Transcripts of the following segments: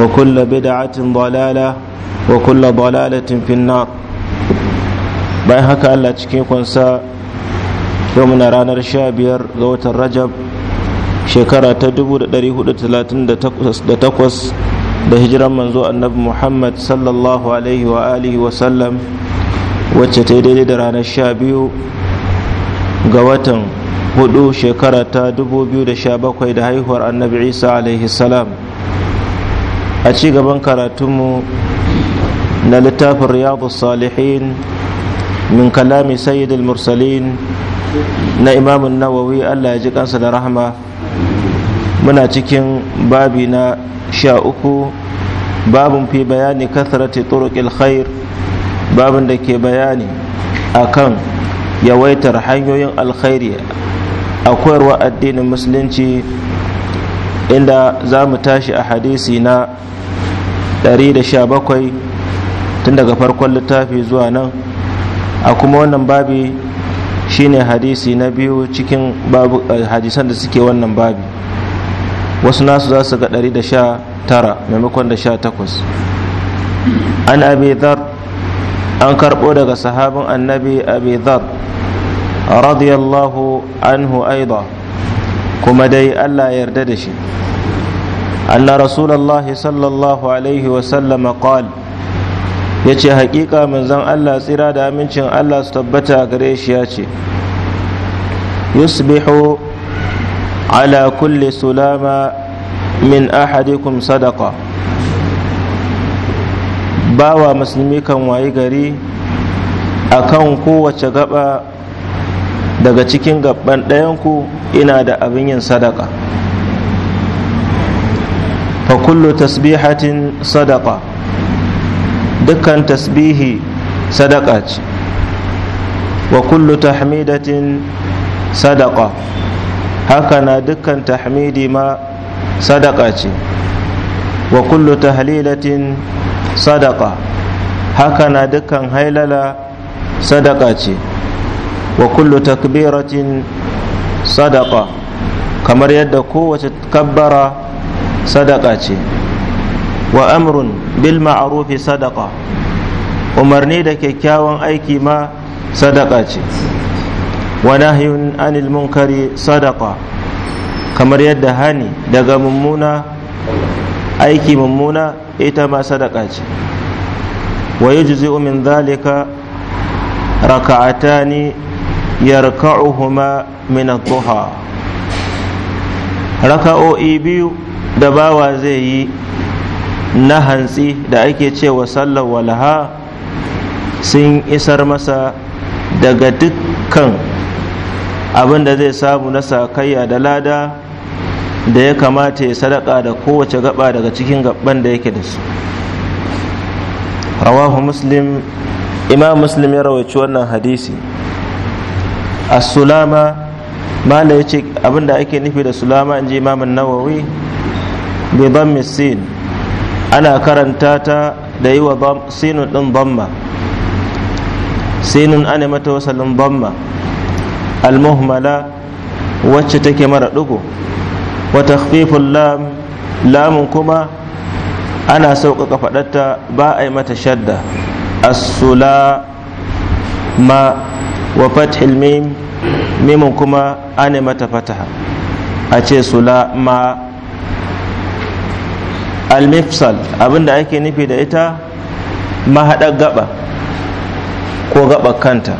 وكل بدعة ضلالة وكل ضلالة في النار haka Allah cikin kunsa yau muna ranar 15 ga watan Rajab shekara ta 1438 da hijiran manzo annabi Muhammad sallallahu alaihi wa alihi wa wacce ta daidai da ranar 12 ga watan 4 shekara ta 2017 da haihuwar annabi Isa alaihi a ci gaban karatunmu na littafin riyadu salihin min kalami sayidul mursalin na imamun nawawi allah ya ji kansa da rahama muna cikin babi na sha uku babin fi bayani kathrati turuqil khair babin da ke bayani akan yawaitar hanyoyin alkhairi a koyarwa addinin musulunci inda za mu tashi a hadisi na 117 tun daga farkon littafi zuwa nan a kuma wannan babi shine hadisi na biyu cikin eh, hadisan da suke wannan babi wasu nasu za su ga 119 maimakon da 18 an abi an karɓo daga sahabin annabi abi radiyallahu anhu aida kuma dai allah yarda da shi أن رسول الله صلى الله عليه وسلم قال yace hakika manzon Allah tsira da amincin Allah su tabbata gare ce yusbihu ala kulli sulama min ahadikum sadaka. bawa musulmi kan wayi gari akan kowace gaba daga cikin gaban ɗayanku ina da abin yin sadaka fa kullu tasbihatin sadaqa dukkan tasbihi sadaqa ce wa kullu tahmidatin sadaqa haka dukkan tahmidi ma ce wa kullu tahlilatin sadaqa dukkan hailala sadaqa ce takbiratin sadaqa kamar yadda kowace kabbara sadaka ce wa amrun bil ma'arufi sadaka umarni da kyakkyawan aiki ma sadaka ce wa nahyun anil munkari sadaka kamar yadda hani daga mummuna aiki mummuna ita ma sadaka ce wa yujzi'u min dhalika raka'atani yarka'uhuma min ad-duha raka'o'i biyu da bawa zai yi na hantsi da ake cewa sallar walaha sun isar masa daga dukkan abin da zai samu na sakayya da lada da ya kamata ya sadaka da kowace gaba daga cikin gaban da yake da su rawahu muslim imam muslim ya rawaci wannan hadisi as-sulama ce abin abinda ake nufi da sulama in ji an-nawawi bi dhammi sin ana karanta ta da yi wa sinun din dhamma sinun ana mata wasalin dhamma almuhmala wacce take mara ɗugu wa takhfiful lam lamun kuma ana sauƙaƙa faɗarta ba a yi mata shadda as ma wa fathil mim mimun kuma ana mata fataha a ce sula ma al-mifsal abinda ake nufi da ita mahaɗar gaba ko gaba kanta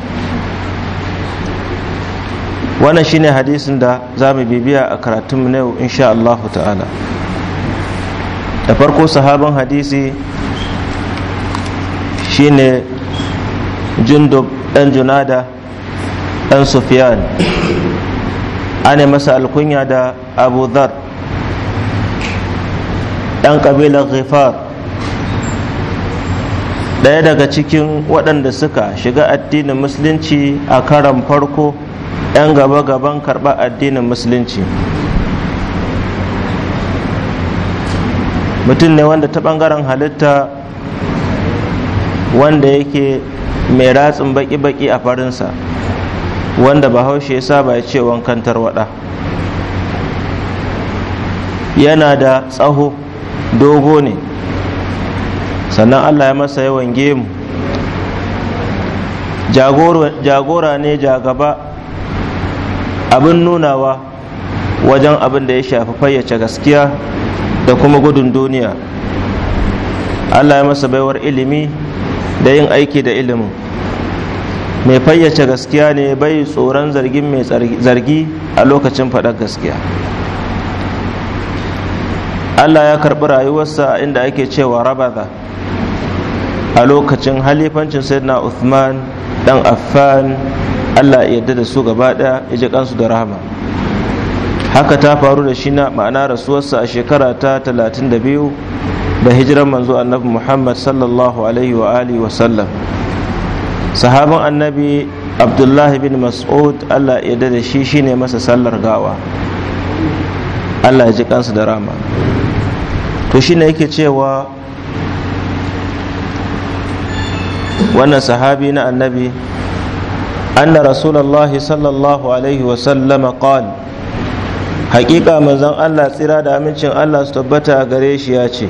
wannan shine hadisin da za mu bibiya a karatunmu na yau insha Allah ta'ala da farko sahabin hadisi shine jundub ɗan junada ɗan sufyan ana masa alkunya da abu dhar ɗan ƙabilar ghifar ɗaya daga cikin waɗanda suka shiga addinin musulunci a karan farko ɗan gaba-gaban karɓar addinin musulunci mutum ne wanda ta ɓangaren halitta wanda yake mai ratsin baki-baki a farinsa wanda bahaushe ya saba ya ce wankan tarwada yana da tsaho dogo ne sannan allah ya masa yawan gemu jagora ne jagaba abin nunawa wajen abin da ya shafi fayyace gaskiya da kuma gudun duniya allah ya masa baiwar ilimi da yin aiki da ilimin mai fayyace gaskiya ne bai tsoron zargin mai zargi a lokacin faɗar gaskiya Allah ya karɓi rayuwarsa inda ake cewa rabada. a lokacin halifancin sayyidina Uthman dan Affan Allah ya yarda da su gaba ɗaya ya ji kansu da rahama haka ta faru da shi na ma'ana rasuwarsa a shekara ta 32 da hijiran manzo annabi Muhammad sallallahu alaihi wa alihi wa sallam sahaban annabi Abdullahi bin Mas'ud Allah ya yarda da shi shine masa sallar gawa Allah ya ji kansu da rahama to shine yake cewa wannan sahabi na annabi anna rasulullahi sallallahu alaihi wasallam qal haƙiƙa manzon Allah tsira da amincin Allah su tabbata a gare shi ya ce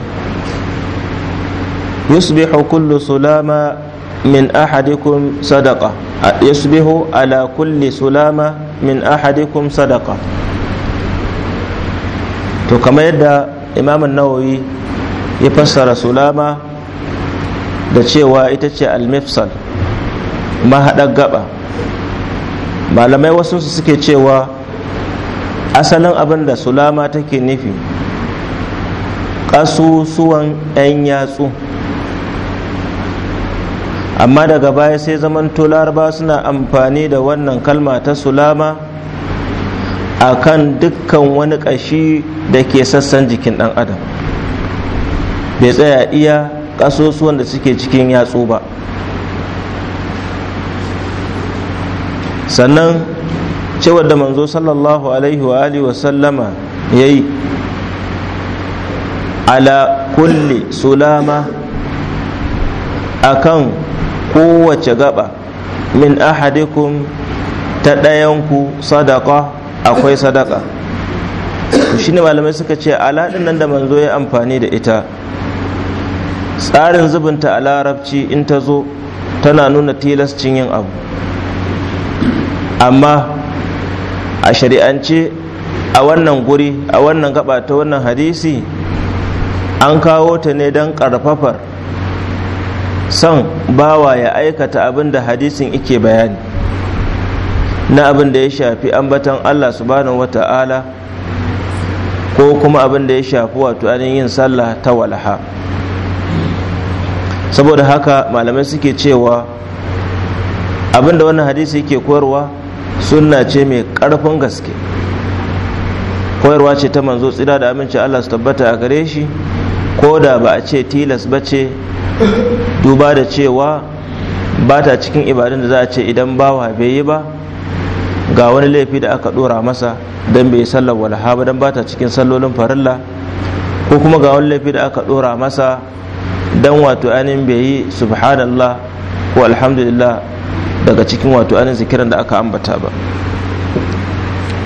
yusbihu kullu sulama min ahadikum sadaqa yusbihu ala kulli sulama min ahadikum sadaqa to kamar yadda imamun nawawi ya fassara sulama da cewa ita ce almifsal mahaɗar gaba malamai wasu suke cewa asalin abin da sulama take nufi ƙasusuwan 'yan yatsu amma daga baya sai zaman laraba suna amfani da wannan kalma ta sulama a kan dukkan wani ƙashi da ke sassan jikin ɗan adam bai tsaya iya ƙasusuwan da suke cikin yatsu ba sannan cewar da manzo sallallahu alaihi wa alihi wa sallama ya yi ala kulli sulama akan kowace gaba min ahadikum ta ɗayanku sadaka akwai sadaka shi ne malamai suka ce aladin nan da manzo ya amfani da ita tsarin zubinta a larabci in ta zo tana nuna tilascin yin abu amma a shari'ance a wannan guri a wannan gaba ta wannan hadisi an kawo ta ne don karfafar son bawa ya aikata abin da hadisin ike bayani na abin da ya shafi ambatan Allah subhanahu wata'ala ko kuma abin da ya shafi wato anin yin sallah ta walaha saboda haka malamai suke cewa abin da wannan hadisi yake koyarwa sunna ce mai ƙarfin gaske koyarwa ce ta manzo tsira da aminci Allah su tabbata a gare shi ko da ba a ce tilas ba ce duba da cewa ba ta cikin ibadun da za a ce idan bawa bai yi ba ga wani laifi da aka dora masa don bai sallar walha ba don bata cikin sallolin farilla ko kuma ga wani laifi da aka dora masa don wato anin bai yi subhanallah ko alhamdulillah daga cikin wato anin zikiran da aka ambata ba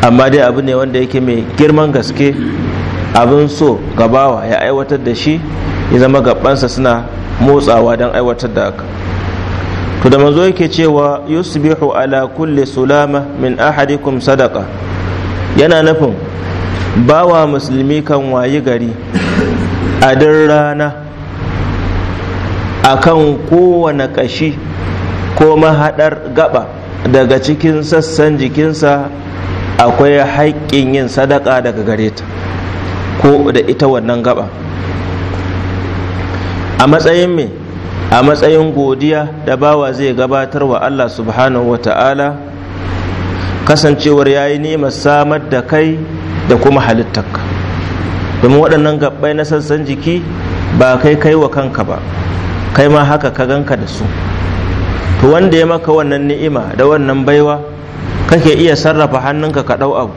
amma dai abu ne wanda yake mai girman gaske abin so gabawa ya aiwatar da shi ya zama gabansa suna motsawa don aiwatar da haka to da manzo yake cewa yusbihu ala kulli sulama min ahadikum sadaqa yana nufin bawa musulmi kan wayi gari a duk rana akan kowane kashi ko mahaɗar gaba daga cikin sassan jikinsa akwai haƙƙin yin sadaka daga gare ta ko da ita wannan gaba a matsayin mai a matsayin godiya da bawa zai gabatar wa Allah subhanahu wa ta'ala kasancewar ya yi nema samar da kai da kuma halittarka domin waɗannan gabbai na sassan jiki ba kai kai wa kanka ba kai ma haka ka ganka da su to wanda ya maka wannan ni'ima da wannan baiwa kake iya sarrafa hannunka ka ɗau abu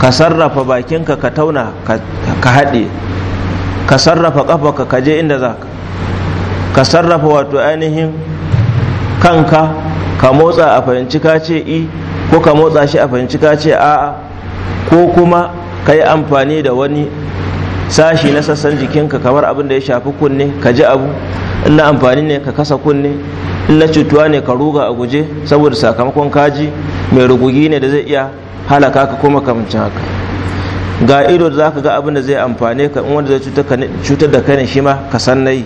ka sarrafa bakinka ka tauna ka haɗe ka sarrafa ƙafarka ka je inda za ka ka sarrafa wato ainihin kanka ka motsa a fahimci ka ce i ko ka motsa shi a fahimci ka ce a'a ko kuma ka yi amfani da wani sashi na sassan jikinka kamar abin da ya shafi kunne ka ji abu in amfani ne ka kasa kunne in na cutuwa ne ka ruga a guje saboda sakamakon kaji mai rugugi ne da zai iya halaka ka kuma kamancin haka ga ido da za ka ga abin da zai amfani ka in wanda zai cutar da kai ne shi ma ka san nayi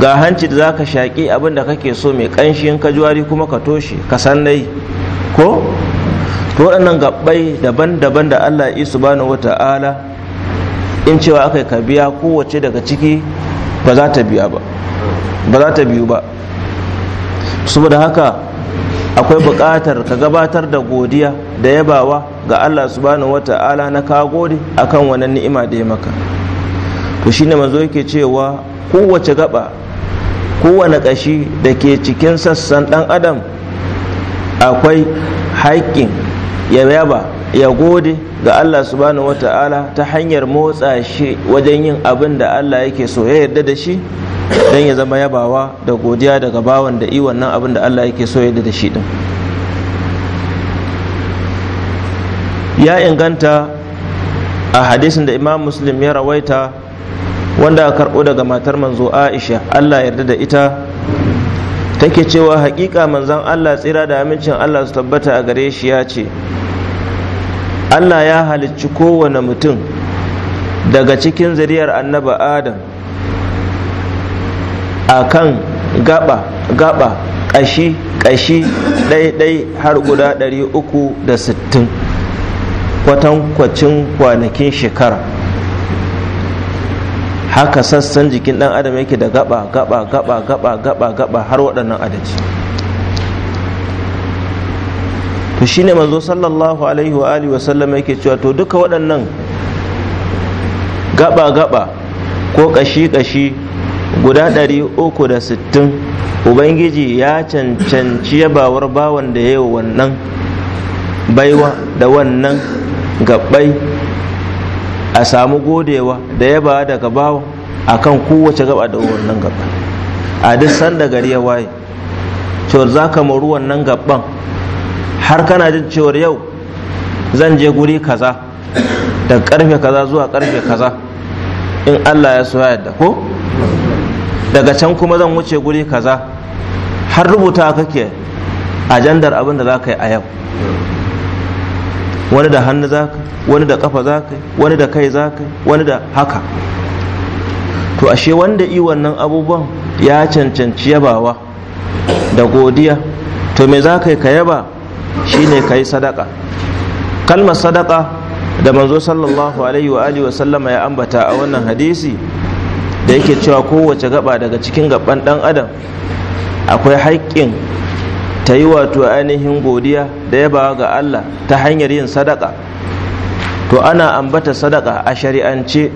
ga hanci da za ka shaƙi abin da kake so mai ƙanshi in ka juwari kuma ka toshe ka sannai ko to waɗannan gabbai daban-daban da Allah ya subhanahu wata'ala in cewa aka ka biya kowace daga ciki ba za ta biya ba ba za ta biyu ba saboda haka akwai buƙatar ka gabatar da godiya da yabawa ga Allah subhanahu wata'ala na ka gode akan wannan ni'ima da ya maka to shine manzo yake cewa kowace gaba kowane ƙashi da ke cikin sassan ɗan adam akwai haƙƙin ya yaba ya gode ga Allah subhanahu wata'ala ta hanyar motsa shi wajen yin abin da Allah yake so ya yarda da shi don ya zama yabawa da godiya daga bawan da iwon nan abin da Allah yake so ya yarda da shi din ya inganta a hadisin da imam muslim ya rawaita wanda aka karɓo daga matar manzo aisha allah yarda da ita take cewa hakika manzon allah tsira da amincin allah su tabbata a gare shi ya ce allah ya halicci kowane mutum daga cikin zuriyar annaba adam a kan gaba gaba ƙashi ƙashi ɗaiɗai har guda ɗari uku da sittin, kwatankwacin kwanakin shekara haka sassan jikin dan adam yake da gaba gaba gaba gaba gaba gaba har waɗannan adadi to shine manzo sallallahu alaihi wa alihi wa sallam yake cewa to duka waɗannan gaba gaba ko kashi kashi guda ɗari uku da sittin ubangiji ya cancanci yabawar bawan da yayi wannan baiwa da wannan gabbai a samu godewa da da daga bawa kan kowace gaba da wannan gaba a duk sanda gari ya waye cewar za ka maru wannan gaban har kana jin cewar yau zan je guri kaza daga karfe kaza zuwa karfe kaza in allah ya suwa yadda ko daga can kuma zan wuce guri kaza har rubuta kake ajandar abin da za ka yi a yau wani da hannu za ka wani da kafa za ka wani da kai za ka wani da haka to ashe wanda yi wannan abubuwan ya cancanci yabawa da godiya to me za ka yi ka yaba shi ne ka yi sadaka kalmar sadaka da manzo sallallahu alaihi wa alihi wa sallama ya ambata a wannan hadisi da yake cewa kowace gaba daga cikin gaban dan adam akwai haƙƙin ta yi wato ainihin godiya da yabawa ga Allah ta hanyar yin sadaka to ana ambata sadaka a shari'ance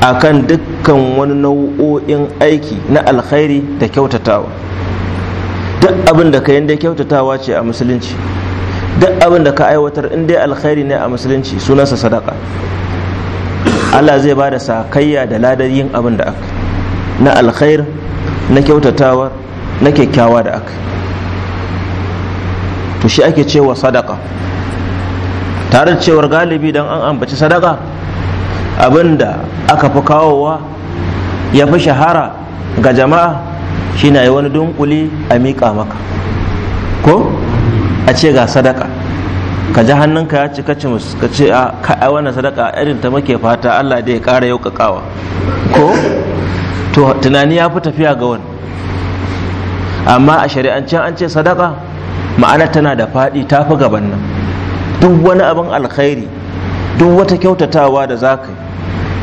akan dukkan wani nau'o'in aiki na alkhairi da kyautatawa duk abin da ka yi da kyautatawa ce a musulunci duk abin da ka aiwatar in dai alkhairi ne a musulunci sunansa sadaka Allah zai ba da sakayya da ladar yin abin da aka na alkhair na kyautatawa, na kyakkyawa da aka to shi ake cewa sadaka tare da cewar galibi dan an ambaci sadaka abinda aka fi kawowa ya fi shahara ga jama'a shi na yi wani dunkuli a miƙa maka ko a ce ga sadaka ka ji hannunka ya cika cimus ka ce a ka'a wannan sadaka irin ta muke fata allah da ya ƙara yau ƙaƙawa ko tunani ya fi tafiya ga wani amma a shari'ancen an ce sadaka ma'ana tana da faɗi ta fi gaban nan duk wani abin alkhairi duk wata kyautatawa da za ka yi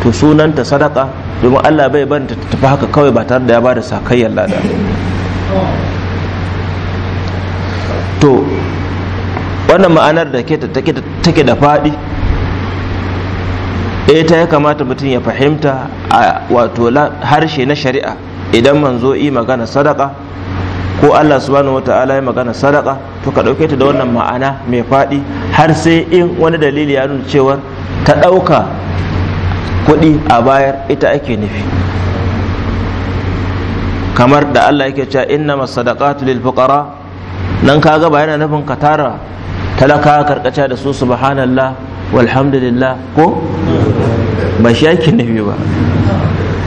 to sunanta sadaka domin allah bai ban ta tafi haka kawai ba tare da ya ba da sakayyar lada to wannan ma'anar da take da faɗi eh, ta ya kamata mutum ya fahimta a wato harshe na shari'a idan manzo yi magana sadaka ko Allah subhanahu wata'ala ya magana sadaka to ka dauke ta da wannan ma'ana mai faɗi har sai in wani dalili ya nuna cewar ta ɗauka kuɗi a bayar ita ake nufi kamar da Allah yake cewa inna masadaqatu lil fuqara nan kaga ba yana nufin ka tara talaka karkace da su subhanallah walhamdulillah ko ba shi ake nufi ba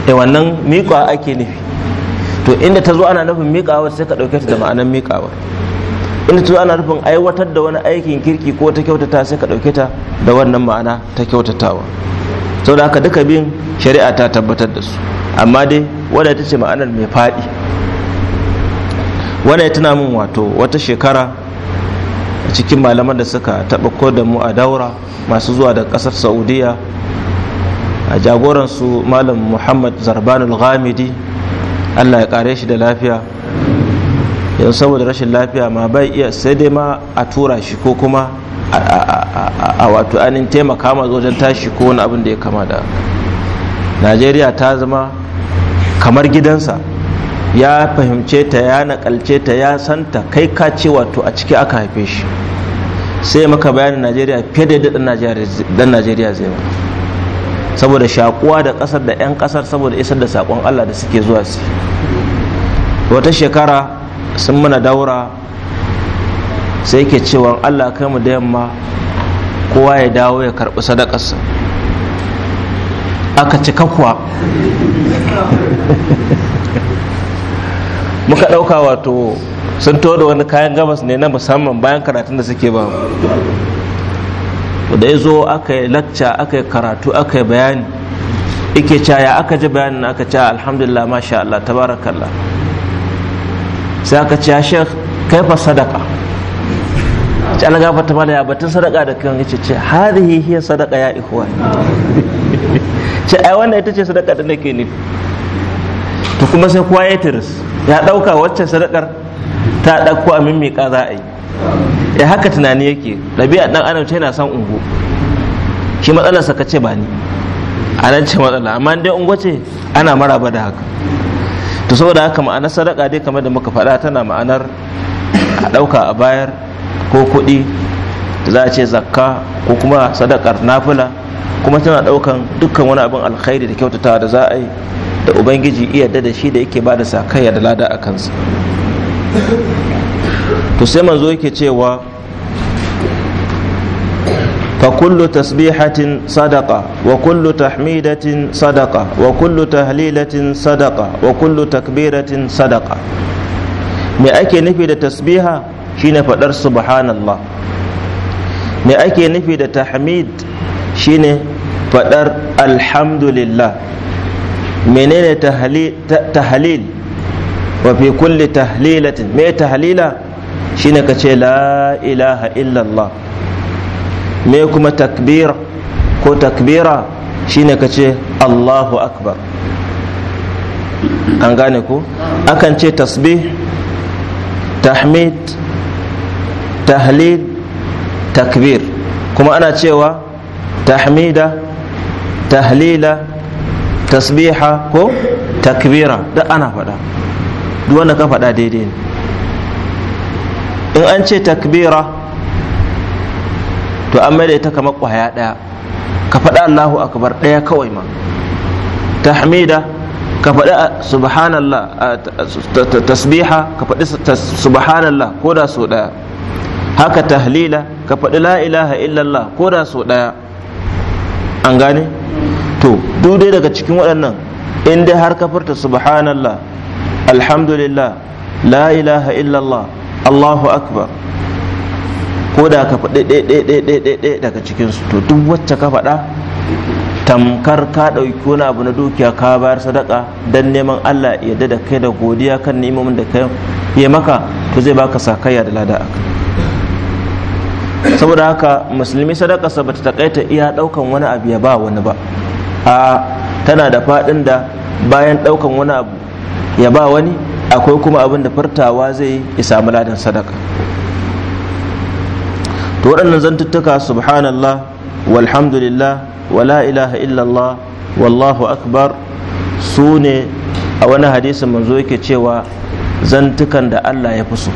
eh wannan miƙa ake nufi to inda ta zo ana nufin miƙawa sai ka ɗauke ta da ma'anar miƙawa inda ta zo ana nufin aiwatar da wani aikin kirki ko ta kyautata sai ka ɗauke ta da wannan ma'ana ta kyautatawa sau da haka duka bin shari'a ta tabbatar da su amma dai wadda ta ce ma'anar mai faɗi wadda ya tuna min wato wata shekara a cikin malaman da suka taɓa ko da mu a daura masu zuwa da ƙasar saudiya a jagoransu malam muhammad zarbanul ghamidi allah ya kare shi da lafiya yanzu saboda rashin lafiya ma bai iya sai dai ma a tura shi ko kuma a wato anin taimaka ma wajen tashi ko wani abin da ya kama da najeriya ta zama kamar gidansa ya fahimce ta ya nakalce ta ya santa kai ka ce wato a ciki aka haife shi sai maka bayanin najeriya fiye da dan najeriya zai ba saboda shakuwa da kasar da 'yan kasar saboda isar da sakon Allah da suke zuwa su wata shekara sun mana daura sai ke cewa Allah kai mu da yamma kowa ya dawo ya karbi sadakarsa aka ci kakwa muka ɗauka wato sun to da wani kayan gabas ne na musamman bayan karatun da suke ba da ya zo aka yi lacca aka yi karatu aka yi bayani ike caya aka ji bayanin aka ce alhamdulillah masha Allah tabarakallah sai aka ce shek kai fa sadaka ce ana gafarta ta ya batun sadaka da kan yace ce hadhihi hiya sadaka ya ikhwan ce ai wannan ita ce sadaka da nake ne to kuma sai kowa ya ya dauka wacce sadakar ta dauko a mimmi za a yi ya eh, haka tunani yake ɗabi'a ɗan adam yana son ungo shi matsalarsa ka ce ba ni a nan ce matsala amma dai ungo ce ana maraba da haka to saboda haka ma'anar sadaka dai kamar da muka faɗa tana ma'anar a ɗauka a bayar ko kuɗi za a ce zakka ko kuma sadakar nafula kuma tana ɗaukan dukkan wani abin alkhairi da kyautatawa da za a yi da ubangiji iya da shi da yake ba da kai da lada a kansa to sai manzo yake cewa fa kullu tasbihatin sadaqa wa kullu tahmidatin sadaqa wa kullu tahlilatin sadaqa wa kullu takbiratin sadaqa me ake nufi da tasbiha shine fadar subhanallah me ake nufi da tahmid shine fadar alhamdulillah menene tahlil wa fi kulli tahlilatin me tahlila shine ka ce la ilaha illallah me kuma takbira ko takbira shine ka ce allahu akbar an gane ku akan ce tasbih tahmid tahlil takbir kuma ana cewa tahmida tahlila tasbiha ko takbira da ana faɗa duk wanda ka faɗa daidai ne in an ce takbira to an mai da ita kamar kwaya ɗaya ka faɗa allahu akbar ɗaya kawai ma tahmida ka faɗi ah, subhanallah ah, tasbiha ka faɗi subhanallah ko da su ɗaya haka tahlila ka faɗi la ilaha illallah ko da su ɗaya an gane to duk dai daga cikin waɗannan in dai har ka furta subhanallah alhamdulillah la ilaha illallah Allahu akbar ko da ka faɗi ɗaya daga cikinsu to duk wacce ka faɗa tamkar ka ɗauki wani abu na dukiya ka bayar sadaka don neman Allah ya da kai da godiya kan neman da kai ya maka to zai baka sakayya da lada aka saboda haka musulmi sadaka sa bata takaita iya ɗaukan wani abu ya ba wani ba a tana da faɗin da bayan ɗaukan wani abu ya ba wani akwai kuma abin da furtawa zai ya samu ladan sadaka to waɗannan zantuttuka subhanallah walhamdulillah wala ilaha illallah wallahu akbar su ne a wani hadisin manzo yake cewa zantukan da Allah ya fi so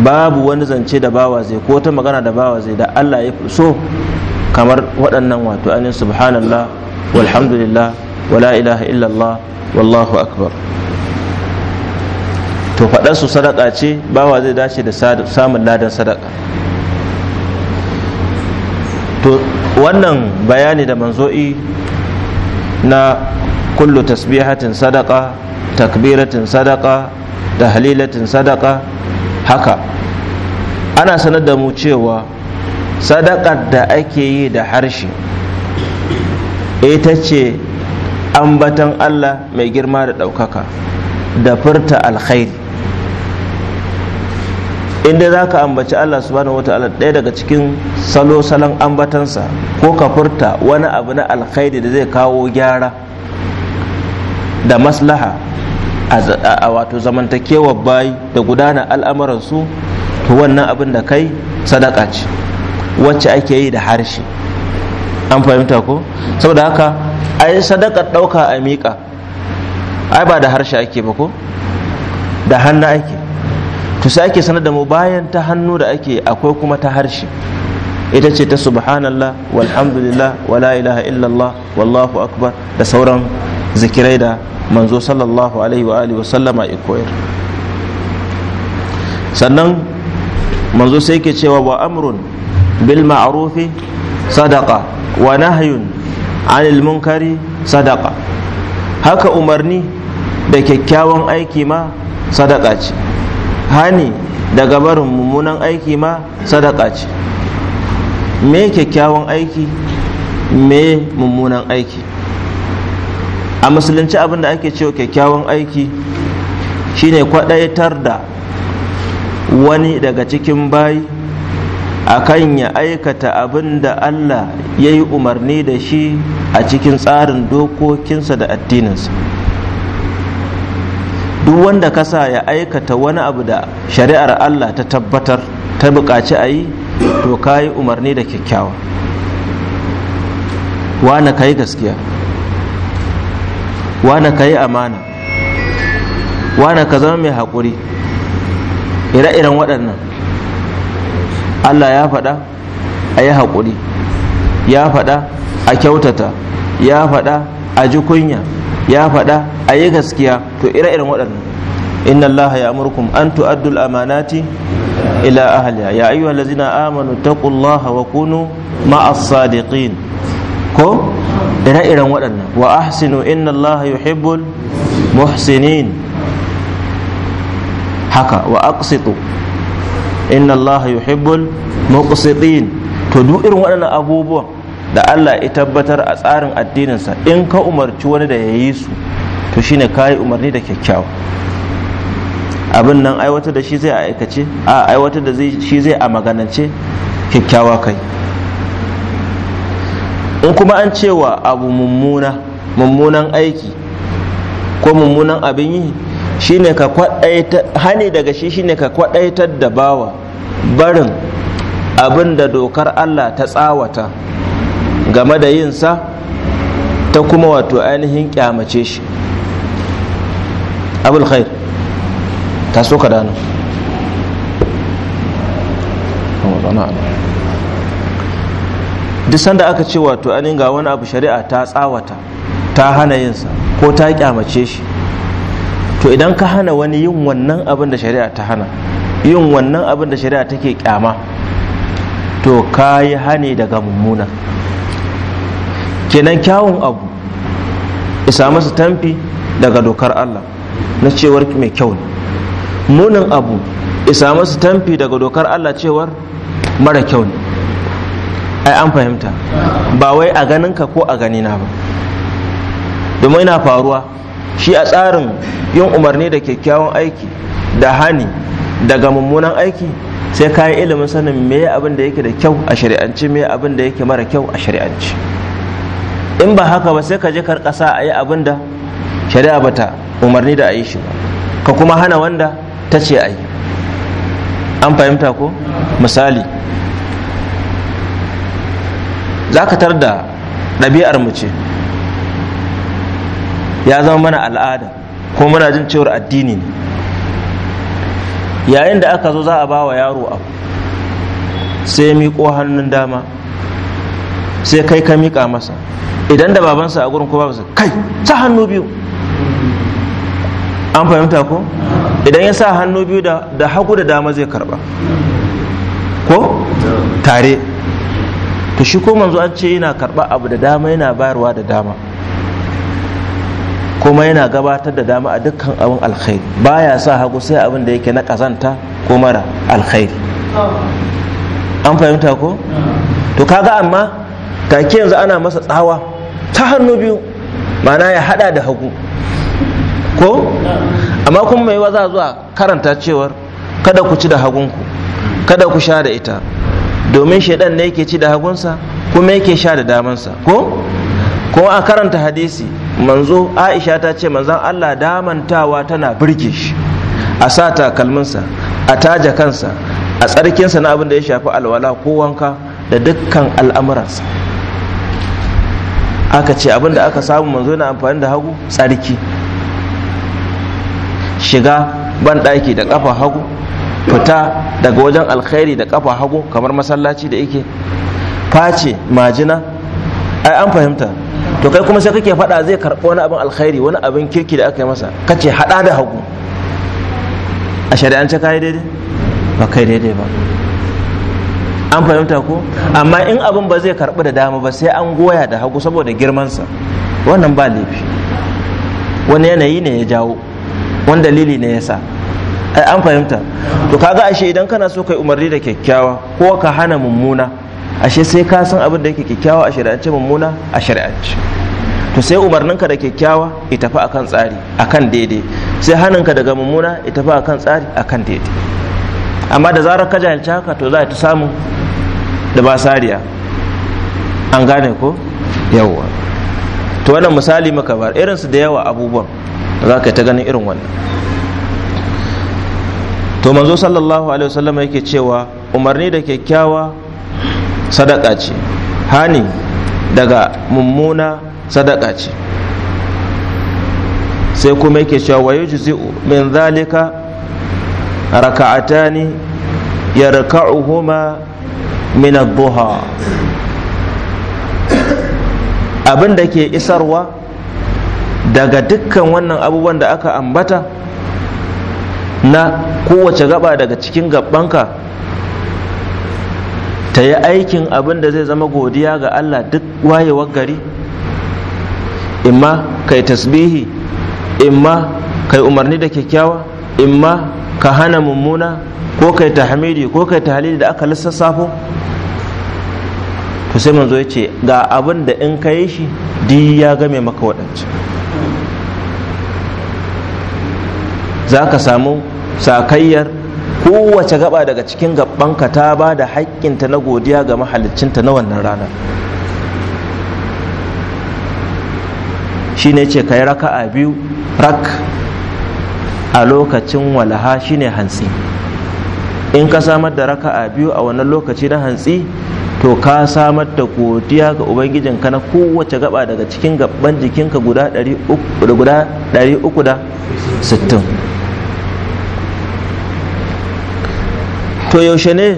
babu wani zance da bawa zai ko ta magana da bawa zai da Allah ya fi so kamar waɗannan wato anin subhanallah walhamdulillah wala ilaha illallah wallahu akbar to faɗar su sadaka ce bawa zai dace da samun ladan sadaka to wannan bayani da manzo'i na kullu tasbihatin sadaka takbiratin sadaka da halilatin sadaka haka ana sanar da mu cewa sadakar da ake yi da harshe ita ce ambatan Allah mai girma da ɗaukaka da furta alkhairi inda za ka ambaci Allah subhanahu wa ta'ala ɗaya daga cikin salo salon ambatansa ko ka furta wani abu na alkhairi da zai kawo gyara da maslaha a wato zamantakewar bayi da gudana al'amuransu to wannan abin da kai sadaka ce wacce ake yi da harshe an fahimta ko saboda haka ai sadakar ɗauka a miƙa ai ba da harshe ake ba ko da hannu ake to sai ake sanar da mu bayan ta hannu da ake akwai kuma ta harshe ita ce ta subhanallah walhamdulillah wala ilaha illallah wallahu akbar da sauran zikirai da manzo sallallahu alaihi wa alihi wa sallama ya koyar sannan manzo sai ke cewa wa amrun bil ma'rufi sadaqa wa nahyun anil munkari sadaka haka umarni da kyakkyawan aiki ma sadaka ce hani daga barin mummunan aiki ma sadaka ce me kyakkyawan aiki me mummunan aiki a musulunci abin da ake cewa kyakkyawan aiki shine kwadaitar da wani daga cikin bayi akan ya aikata abin da Allah ya yi umarni da shi a cikin tsarin dokokinsa da addininsa duk wanda kasa ya aikata wani abu da shari'ar Allah ta tabbatar ta buƙaci a yi to ka yi umarni da kyakkyawa wane ka yi gaskiya wane ka yi amana wane ka zama mai haƙuri ire-iren waɗannan Allah ya faɗa a yi haƙuri ya faɗa a kyautata ya faɗa a ji kunya ya faɗa a yi gaskiya to ire-iren waɗannan inna allaha ya murkum an tu'addul amanati ila ahliha ya ayyuhal ladzina amanu taqullaha wa kunu ma'as sadiqin ko ire-iren waɗannan wa ahsinu inna allaha yuhibbul muhsinin haka wa aqsitu inna allaha yuhibbul muqsitin to duk irin waɗannan abubuwan da Allah ya tabbatar a tsarin addininsa in ka umarci wani da ya yi su to shine kai umarni da kyakkyawa abin nan aiwatar da shi zai a aikace a aiwatar da shi zai a maganance kyakkyawa kai in kuma an cewa abu mummuna mummunan aiki ko mummunan abin yi shine ka hani daga shi shine ka kwadaitar da bawa barin abin da dokar Allah ta tsawata game da yinsa ta kuma wato ainihin kyamace shi abul khair ta so ka dano duk sanda aka ce wato ainihin ga wani abu shari'a ta tsawata ta hana yinsa ko ta kyamace shi to idan ka hana wani yin wannan abin da shari'a ta hana yin wannan abin da shari'a take kyama to ka yi hane daga mummuna kenan kyawun abu isa masa tamfi daga dokar Allah na cewar mai kyau ne munin abu isa masa tamfi daga dokar Allah cewar mara kyau ne ai an fahimta ba wai a ganinka ko a ganina ba domin yana faruwa shi a tsarin yin umarni da kyakkyawan aiki da hani daga mummunan aiki sai ka yi ilimin sanin me abin da yake da kyau a shari'ance me abin da yake mara kyau a shari'ance in ba haka ba sai ka je karkasa a yi abin da shari'a bata umarni da a yi shi ba ka kuma hana wanda ta ce a yi an fahimta ko misali za ka tar da ɗabi'ar mu ce ya zama mana al'ada ko muna jin cewar addini ne yayin da aka zo za a ba wa yaro abu sai miƙo hannun dama sai kai ka miƙa masa idan da babansa a gurin ko babansa kai sa hannu biyu an fahimta ko idan ya sa hannu biyu da hagu da dama zai karba ko tare to shi ko manzo an ce yana karba abu da dama yana bayarwa da dama kuma yana gabatar da dama a dukkan abin alkhairi baya sa hagu sai abin da yake na kazanta ko mara alkhairi an fahimta ko to kaga amma take yanzu ana masa tsawa ta hannu biyu mana ya hada da hagu ko amma kuma mai waza zuwa karanta cewar kada ku ci da hagunku kada ku sha da ita domin shaidan ne yake ci da hagunsa kuma yake sha da damansa ko kuma a karanta hadisi manzo aisha ta ce manzan allah damantawa tana birge shi a sa takalminsa a taja kansa a tsarkinsa na abin da ya shafi alwala ko wanka da dukkan al'amuransa aka ce abin da aka samu manzo na amfani da hagu tsarki shiga ban ɗaki da ƙafa hagu fita daga wajen alkhairi da ƙafa hagu kamar masallaci da yake face majina ai an fahimta to kai kuma sai kake faɗa zai karɓi wani abin alkhairi wani abin kirki da aka yi masa kace haɗa da hagu a shari'ance kai daidai ba kai daidai ba an fahimta ko amma in abin ba zai karɓi da dama ba sai an goya da hagu saboda girmansa wannan ba laifi wani yanayi ne ya jawo wani dalili ne ya sa ai an fahimta to kaga ashe idan kana so kai umarni da kyakkyawa ko ka hana mummuna ashe sai ka san abin da yake kyakkyawa a shari'ance mummuna a shari'ance to sai umarninka da kyakkyawa ya tafi akan tsari akan daidai sai haninka daga mummuna ya tafi akan tsari akan daidai amma da zarar ka jahilci haka to za ta samu da ba sariya an gane ko yawwa to wannan misali maka bar irinsu da yawa abubuwan za ka ta ganin irin wannan to manzo sallallahu alaihi wasallam yake cewa umarni da kyakkyawa sadaka ce hani daga mummuna sadaka ce sai kuma yake cewa wa yujzi min zalika raka'atani yarka'uhuma ya ad-duha abin abinda ke isarwa daga dukkan wannan abubuwan da aka ambata na kowace gaba daga cikin gabbanka ta yi aikin abin da zai zama godiya ga Allah duk wayewar gari imma kai tasbihi imma kai umarni da kyakkyawa imma ka hana mummuna ko kai tahmidi ko kai tahlili da aka lissafo to sai manzo ya ce ga abin da in ka yi shi di ya game maka waɗancan za ka samu sakayyar kowace gaba daga cikin gabanka ta ba da haƙƙinta na godiya ga mahalicinta na wannan rana shine ce ka yi raka'a biyu rak a lokacin walaha shine hantsi in ka samar da raka'a biyu a wannan lokaci na hantsi to ka samar da godiya ga ubangijinka na kowace gaba daga cikin gaban jikinka guda 360 to yaushe ne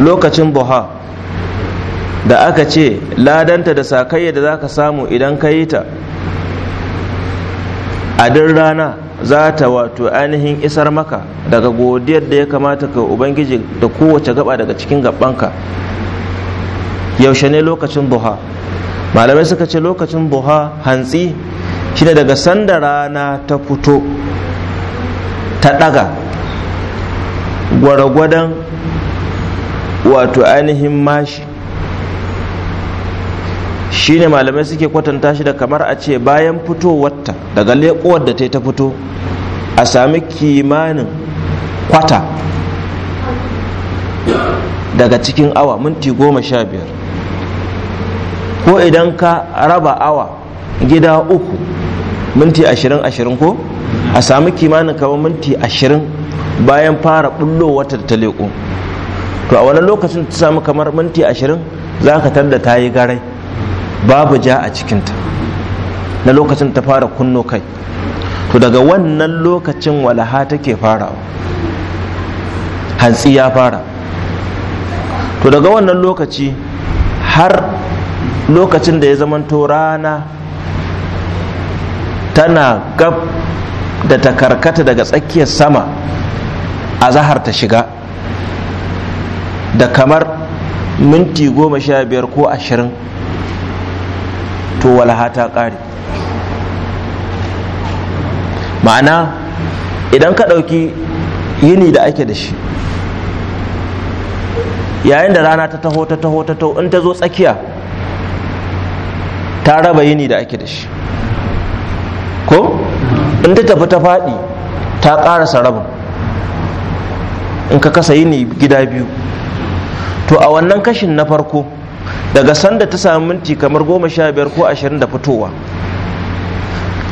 lokacin buha da aka ce ladanta da sakayya da za ka samu idan ka yi ta a din rana za ta wato ainihin isar maka daga godiyar da ya kamata ka ubangiji da kowace gaba daga cikin gabanka yaushe ne lokacin buha malamai suka ce lokacin buha hantsi shi daga sanda rana ta fito ta daga gwargwadon wato ainihin mashi shi ne malamai suke kwatanta shi da kamar a ce bayan fitowarta daga lekuwar da ta ta fito a sami kimanin kwata daga cikin awa minti goma sha biyar ko idan ka raba awa gida uku minti ashirin ashirin ko a sami kimanin kamar minti ashirin bayan fara bullo wata ta leƙo, to a wani lokacin ta samu kamar minti ashirin za ka tarda ta yi garai babu ja a cikinta na lokacin ta fara kunno kai to daga wannan lokacin walaha take farawa hantsi ya fara to daga wannan lokaci har lokacin da ya zamanto rana tana gab da ta karkata daga tsakiyar sama azahar ta shiga da kamar minti goma sha biyar ko ashirin to walaha ta ƙare ma'ana idan ka ɗauki yini da ake da shi yayin da rana ta taho ta taho ta taho in ta zo tsakiya ta raba yini da ake da shi ko in ta tafi ta faɗi ta ƙarasa rabin in ka kasa yini gida biyu to a wannan kashin na farko daga sanda ta samu minti kamar goma sha biyar ko ashirin da fitowa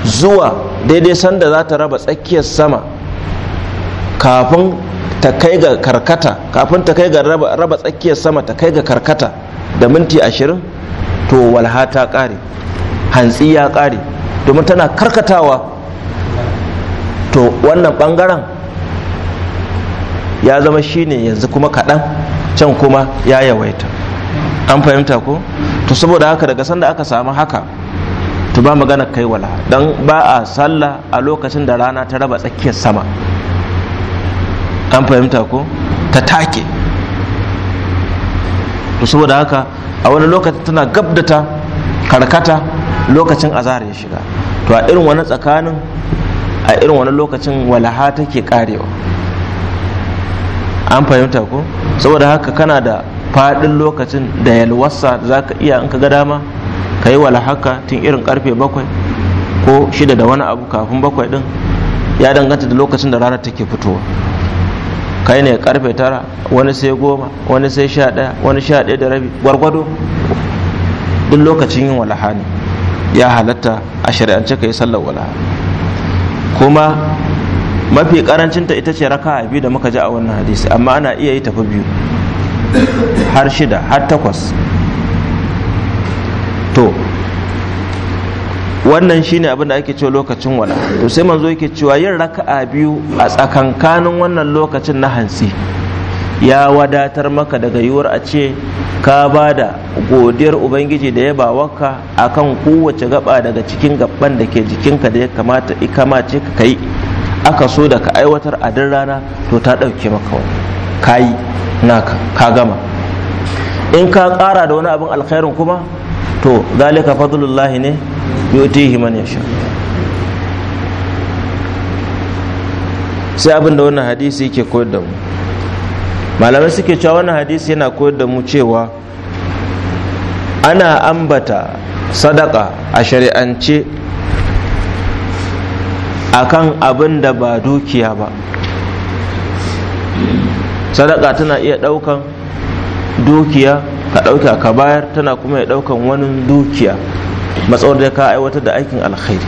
zuwa daidai sanda za ta raba tsakiyar sama kafin ta kai ga karkata kafin ta kai ga raba tsakiyar sama ta kai ga karkata da minti ashirin to walha ta ƙare hantsi ya ƙare domin tana karkatawa to wannan ɓangaren ya zama shine yanzu kuma kaɗan can kuma ya yawaita an fahimta ko to saboda haka daga sanda aka samu haka to ba magana kai wala don ba a sallah a lokacin da rana ta raba tsakiyar sama an fahimta ko ta take to saboda haka a wani lokacin tana gabdata karkata lokacin azhar ya shiga to a irin wani tsakanin a irin wani lokacin walaha take karewa an fahimta ko saboda haka kana da faɗin lokacin da yalwasa za ka iya in ka ga dama ka yi haka tun irin karfe bakwai ko shida da wani abu kafin bakwai din ya danganta da lokacin da rana take fitowa kai ne karfe tara wani sai goma wani sai sha ɗaya wani sha ɗaya da rabi gwargwado duk lokacin yin walaha ne ya halatta a shari'ance ka yi sallar walaha kuma mafi karancinta ita ce raka biyu da muka ji a wannan hadisi amma ana iya yi tafi biyu har shida har takwas to wannan shine abin da ake cewa lokacin wala to sai manzo yake cewa yin raka'a biyu a tsakankanin wannan lokacin na hantsi ya wadatar maka daga yiwuwar a ce ka ba da godiyar ubangiji da ya ba a kan kowace gaba daga cikin gaban da ke jikinka da ya kamata ce ka kai aka so da ka aiwatar a dan rana to ta ɗauke maka wani kayi naka ka gama in ka ƙara da wani abin alkhairin kuma to zalika fadlullahi ne yutihi man yasha sai abin da wannan hadisi yake koyar da mu malamai suke cewa wannan hadisi yana koyar da mu cewa ana ambata sadaka a shari'ance akan abin da ba dukiya ba sadaka tana iya ɗaukan dukiya ka ɗauka ka bayar tana kuma ya ɗaukan wani dukiya matsawar da ka aiwatar da aikin alkhairi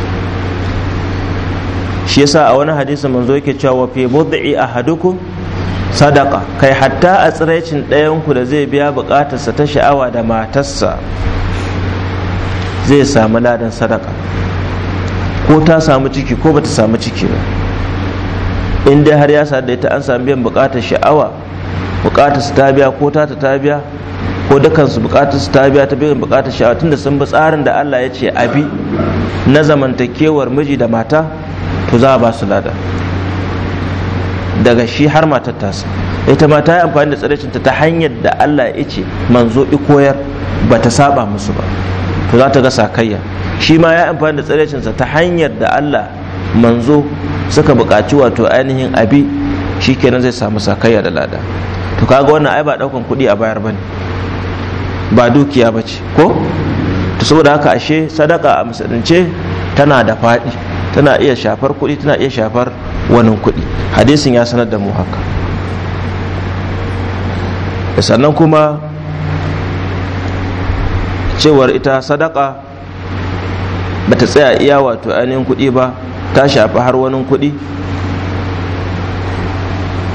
shi yasa a wani hadisi manzo yake cewa fi bud'i ahadukum sadaka kai hatta a tsiraicin ɗayanku da zai biya bukatarsa ta sha'awa da matarsa zai samu ladan sadaka ko ta samu ciki ko bata samu ciki ba in dai har ya da ita an sami biyan bukatar sha'awa bukatar su tabiya ko ta ta biya ko dukansu bukatar su tabiya ta biyan bukatar sha'awa tunda sun bi tsarin da Allah ya ce abi na zamantakewar miji da mata to za a ba su lada daga shi har matar tasa ita ma ta yi amfani da tsaracinta ta hanyar da Allah ya ce manzo i koyar ba ta saba musu ba to za ta ga sakayya shi ma ya amfani da tsirracinsa ta hanyar da Allah manzo suka buƙaci wato ainihin abi shi kenan zai samu sakayya da lada to kaga wannan ai ba ɗaukan kuɗi a bayar bane ba dukiya bace ko to saboda haka ashe sadaka a musulunce tana da faɗi tana iya shafar kuɗi tana iya shafar wani kuɗi hadisin ya sanar da mu haka sannan kuma cewar ita sadaka bata tsaya iya wato ainihin kuɗi ba ta shafi har wani kuɗi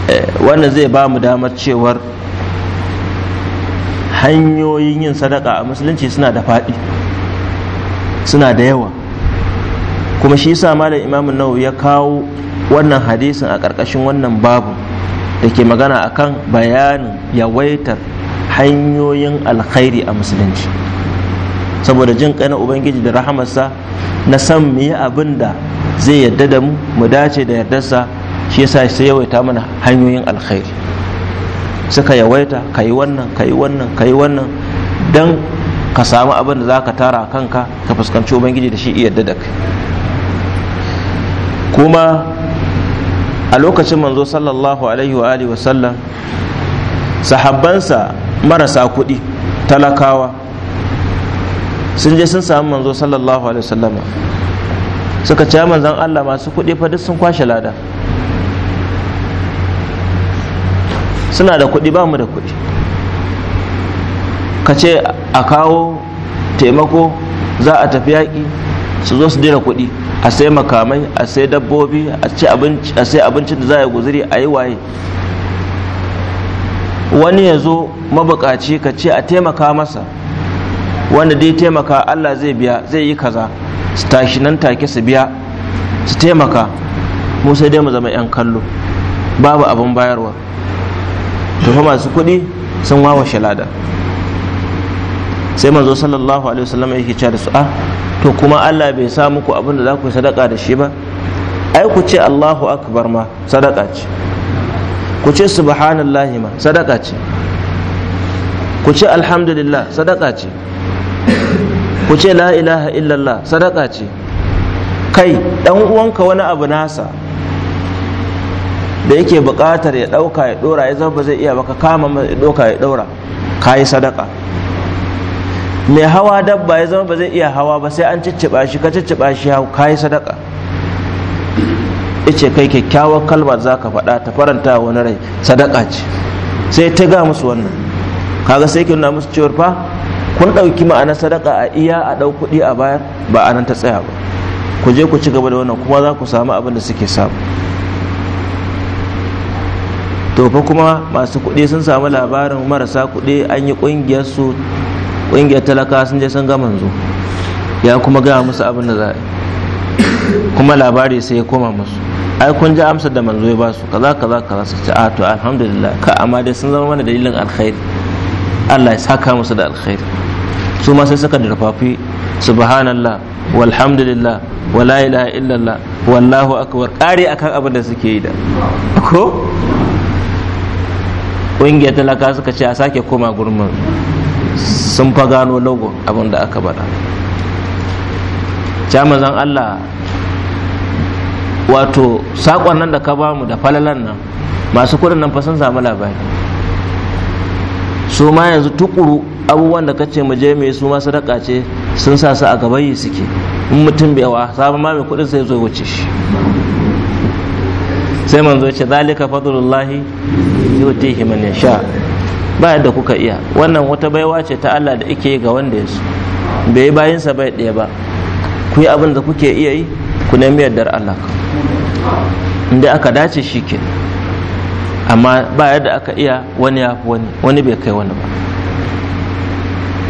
eh, wannan zai ba mu damar cewar hanyoyin yin sadaka a musulunci suna da faɗi suna da yawa kuma shi yasa malam imamun nau ya kawo wannan hadisin a ƙarƙashin wannan babu da ke magana akan bayanin yawaitar hanyoyin alkhairi a musulunci saboda jin kai ubangiji da rahamarsa na san mu yi abin da zai yarda da mu mu dace da yardarsa shi yasa sai yawaita mana hanyoyin alkhairi suka yawaita ka yi wannan ka yi wannan ka yi wannan don ka samu abin da za ka tara a kanka ka fuskanci ubangiji da shi yarda da kai kuma a lokacin manzo sallallahu alaihi wa alihi wasallam sahabbansa marasa kuɗi talakawa sun je sun samu manzo sallallahu alaihi wasallama suka ce manzon Allah masu kuɗi fa duk sun kwashe lada suna da kuɗi ba mu da kuɗi ka ce a kawo taimako za a tafi yaƙi su zo su dira kuɗi a sai makamai a sai dabbobi a sai abincin da za a guziri a yi waye wani ya zo mabukaci ka ce a taimaka masa wanda dai taimaka Allah zai biya zai yi kaza su tashi nan take su biya su taimaka mu sai dai mu zama 'yan kallo babu abin bayarwa fa masu kuɗi sun wawa lada sai manzo sallallahu alaihi wasallam yake cewa da su ah to kuma Allah bai sa muku abin da za ku sadaka da shi ba ai ku ce Allahu akbar ma sadaka ce ku ce subhanallahi ma sadaka ce ku ce alhamdulillah sadaka ce ku ce la ilaha illallah sadaka ce kai dan uwanka wani abu nasa da yake buƙatar ya ɗauka ya ɗora ya zama zai iya baka kama ya ɗauka ya ɗora ka yi sadaka mai hawa dabba ya zama ba zai iya hawa ba sai an cicciɓa shi ka cicciɓa shi ya ka yi sadaka ice kai kyakkyawar kalmar za ka faɗa ta faranta wani rai sadaka ce sai ta ga musu wannan kaga sai ki nuna musu cewar fa kun ɗauki ma'anar sadaka a iya a ɗau kuɗi a bayar ba a nan ta tsaya ba ku je ku ci gaba da wannan kuma za ku samu abin da suke samu to fa kuma masu kuɗi sun samu labarin marasa kuɗi an yi ƙungiyar su ƙungiyar talaka sun je sun ga manzo ya kuma gaya musu abin da za a kuma labari sai ya koma musu ai kun ji amsar da manzo ya basu kaza kaza kaza su ce a to alhamdulillah ka amma dai sun zama mana dalilin alkhairi Allah ya saka musu da alkhairi su ma sai suka dirfafi subhanallah walhamdulillah wala ilaha illallah wallahu akbar kare akan abin da suke yi da ko ƙungiyar talaka suka ce a sake koma gurmin sun fa gano logo abin da aka bada jamazan allah wato sakon nan da ka bamu da falalan nan masu kudin nan fa sun samu labari su ma yanzu tukuru abubuwan da kace mu je mai su ma sadaka ce sun sa su a gabayi suke in mutum bai wa sabon ma mai kudin sai zo wuce shi sai manzo ce zalika fadlullahi yutihi man yasha ba yadda kuka iya wannan wata baiwa ce ta Allah da yake ga wanda ya bai bayin sa bai ɗaya ba ku yi abin da kuke iya yi ku nemi yardar Allah inda aka dace shi ke. amma ba yadda aka iya wani ya fi wani wani bai kai wani ba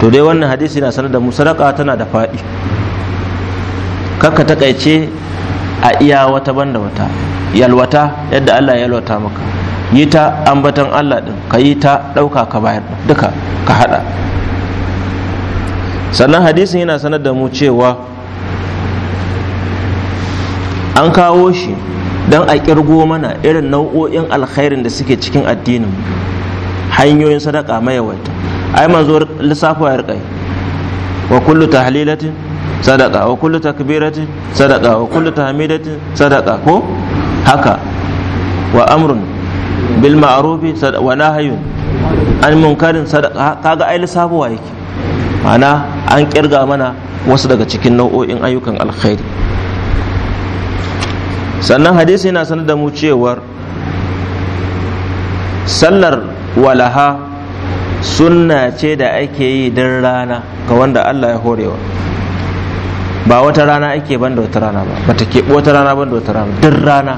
to dai wannan hadisi na sanar da mu sadaka tana da faɗi kakka takaice a iya wata banda wata yalwata yadda Allah ya yalwata maka yi ta ambatan Allah din ka yi ta ɗauka ka bayar duka ka haɗa sannan hadisin yana sanar da mu cewa an kawo shi don a kirgo mana irin nau'o'in alkhairin da suke cikin addinin hanyoyin sadaka mayawaita ai manzo lissafa ya rikai wa kullu tahlilatin sadaka wa kullu takbiratin sadaka wa kullu tahmidatin sadaka ko haka wa amrun bil ma'rufi wa nahyun an munkarin sadaka kaga ai lissafa yake ma'ana an kirga mana wasu daga cikin nau'o'in ayyukan alkhairi sannan hadisi yana sanar da mu cewar sallar walaha sunna ce da ake yi don rana ga wanda Allah ya horewa ba wata rana ake ban da wata rana ba ba ta keɓe wata rana ban da wata rana duk rana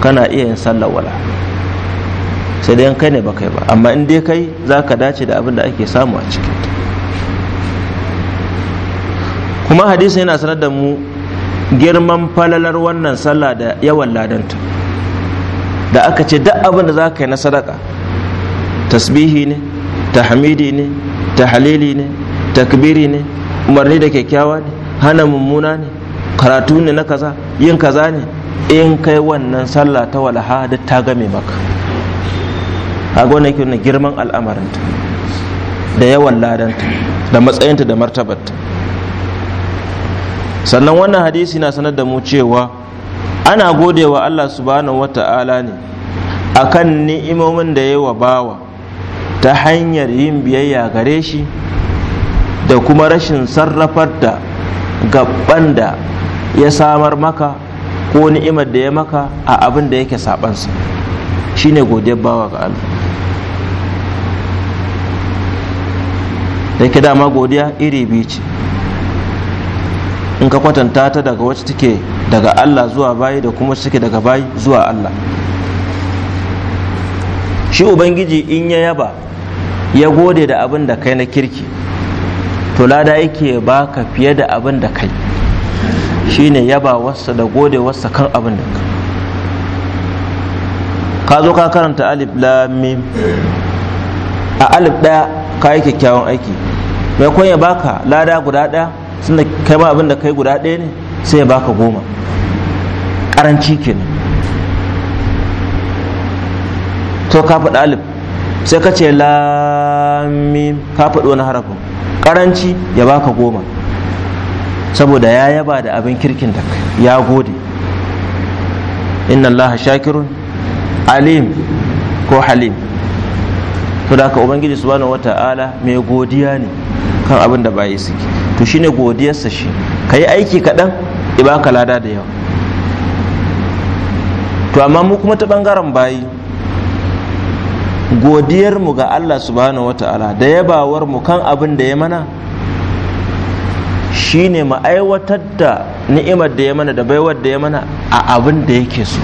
kana iya yin sallar wala sai dai kai ne ba kai ba amma in dai kai za ka dace da abin da ake samu a cikin kuma hadisi yana sanar da mu girman falalar wannan sallah da yawan ladanta da aka ce duk abin da za ka yi na sadaka tasbihi ne tahmidi ne tahlili ne takbiri ne umarni da kyakkyawa ne hana mummuna ne karatu ne na kaza yin kaza ne in kai wannan sallah ta walaha da ta game maka a gona yake girman al'amarinta da yawan ladanta da matsayinta da martabarta sannan wannan hadisi na sanar da mu cewa ana godewa Allah subhanahu wata'ala ne akan ni'imomin da ya wa bawa ta hanyar yin biyayya gare shi da kuma rashin sarrafar da gabban da ya samar maka ko ni'imar da ya maka a abin da yake sabansa shine godiyar bawa ga Allah da ke dama godiya iri biyu ce in ka kwatanta ta daga wacce take daga Allah zuwa bayi da kuma wacce take daga bayi zuwa Allah shi ubangiji in ya yaba ya gode da abin da kai na kirki to lada yake ka fiye da abin da kai ne yaba wasa da gode wasa kan abin da kai ka zo ka karanta alif lam a alif ɗaya ka yi kyakkyawan aiki mai ya baka lada guda ɗaya sun da kai ma abinda da kai guda ɗaya ne sai ya baka goma ƙaranci kenan to ka faɗi alif sai ka ce lamim ka faɗi wani harafin ƙaranci ya baka goma saboda ya yaba da abin kirkin da ya gode inna allaha shakirun alim ko halim to da ka ubangiji subhanahu wata'ala mai godiya ne kan abin da bayi suke to shi ne godiyarsa shi ka yi aiki kaɗan ibaka lada da yawa to amma mu kuma ta ɓangaren bayi godiyarmu ga allah subhanahu ta'ala da yabawarmu kan abin da ya mana ne mu aiwatar da ni'imar da ya mana da baiwar da ya mana a abin da yake so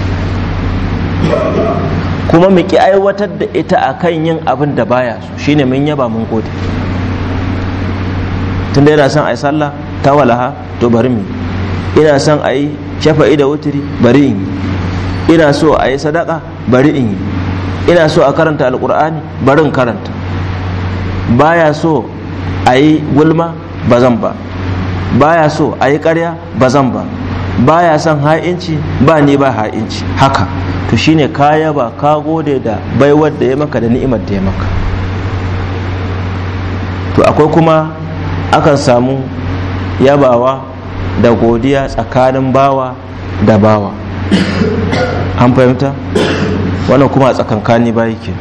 kuma mu ki aiwatar da ita akan yin abin da baya so ne mun yaba mun gode tun da yana son a yi sallah ta walaha to bari mu ina son a yi shafa'i da wuturi bari in yi ina so a yi sadaka bari in yi ina so a karanta alkur'ani bari in karanta baya so a yi gulma ba zan ba baya so a yi karya ba zan ba baya son ha'inci ba ni ba ha'inci haka to shine ka yaba ka gode da baiwar da ya maka da ni'imar da ya maka to akwai kuma akan samu yabawa da godiya tsakanin bawa da bawa an fahimta wannan kuma a tsakankani ba yake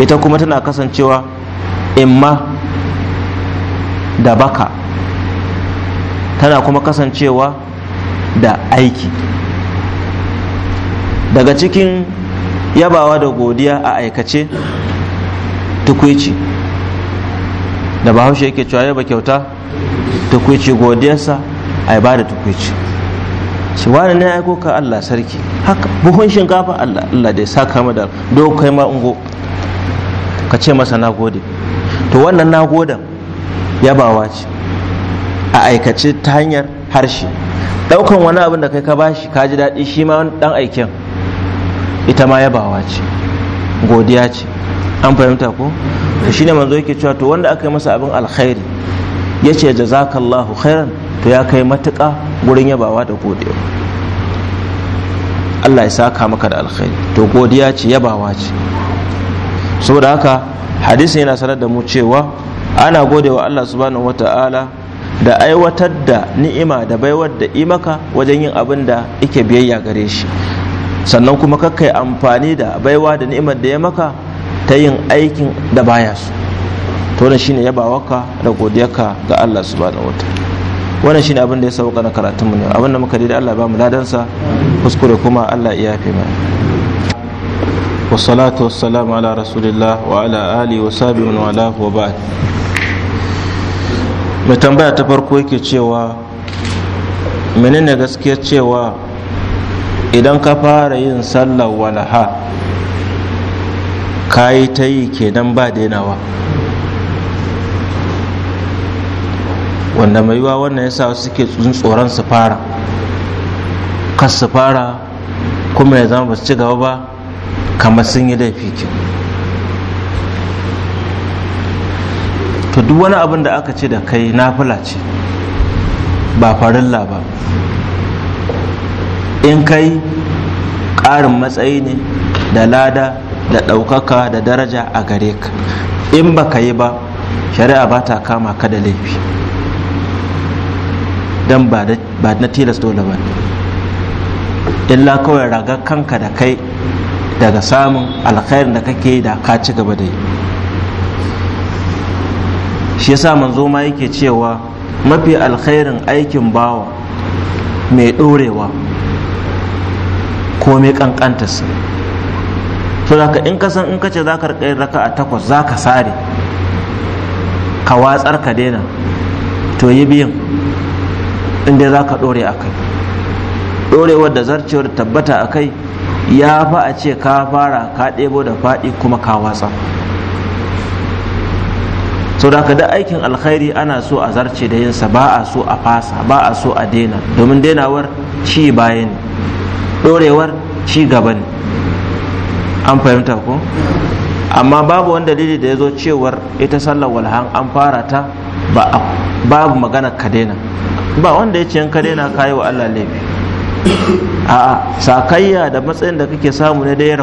ita kuma tana kasancewa imma da baka tana kuma kasancewa da aiki daga cikin yabawa da godiya a aikace tukwici da bahaushe yake cewa yaba kyauta tukwici godiyarsa a ba da tukwici su wani ne aiko ka Allah sarki haka buhun shinkafa Allah Allah ya saka kama da kai ma ungo ka ce masa na gode to wannan na godan yabawa ce a aikace ta hanyar harshe daukan wani abin da kai ka bashi ka ji daɗi shi ma dan aiken ita ma yabawa ce godiya ce an fahimta ko to shine manzo yake cewa to wanda aka yi masa abin alkhairi ya ce jazakallahu khairan to ya kai matuƙa gurin yabawa da godewa Allah ya saka maka da alkhairi to godiya ce yabawa ce saboda haka hadisi yana sanar da mu cewa ana godewa Allah subhanahu wata'ala da aiwatar da ni'ima da baiwar da imaka wajen yin abin da yake biyayya gare shi sannan kuma kakkai amfani da baiwa da ni'imar da ya maka ta yin aikin da baya su to wannan shine waka da godiyarka ga Allah subhanahu wataala wannan shine abin da ya sauka na karatun mu ne abin da muka da Allah ba mu ladan sa kuskure kuma Allah ya yafe mana wassalatu wassalamu ala rasulillah wa ala ali wa sahbihi wa ala wa ba'd mai tambaya ta farko yake cewa menene gaskiya cewa idan ka fara yin sallar walaha kayi ta yi kenan ba dainawa wanda mai yiwa wannan yasa wasu suke tsoron su fara kas su fara kuma ya zama ba su ci gaba ba kamar sun yi laifi ke to duk wani abin da aka ce da kai na ce ba farilla ba in kai ƙarin matsayi ne da lada da ɗaukaka da daraja a gare ka in baka yi ba shari'a ba ta kama ka da laifi don ba na tilas dole ba illa kawai raga kanka da kai daga samun alkhairin da kake da ka ci gaba da yi shi yasa manzo ma yake cewa mafi alkhairin aikin bawa mai ɗorewa ko mai ƙanƙantarsa to da in ka san in ka ce za ka rika raka a takwas za ka sare ka watsar ka daina to yi biyan inda za ka ɗore a kai ɗorewar da zarcewar tabbata a kai ya fa a ce ka fara ka ɗebo da faɗi kuma ka watsa so da ka da aikin alkhairi ana so a zarce da yinsa ba a so a fasa ba a so a daina domin dainawar ci baya ne ɗorewar ci gaba ne an fahimta ko amma babu wani dalili da ya zo cewar ita sallar walhan an fara ta ba babu magana ka daina ba wanda ya ce 'yan ka daina ka yi wa Allah laifi a'a sakayya da matsayin da kake samu ne da ya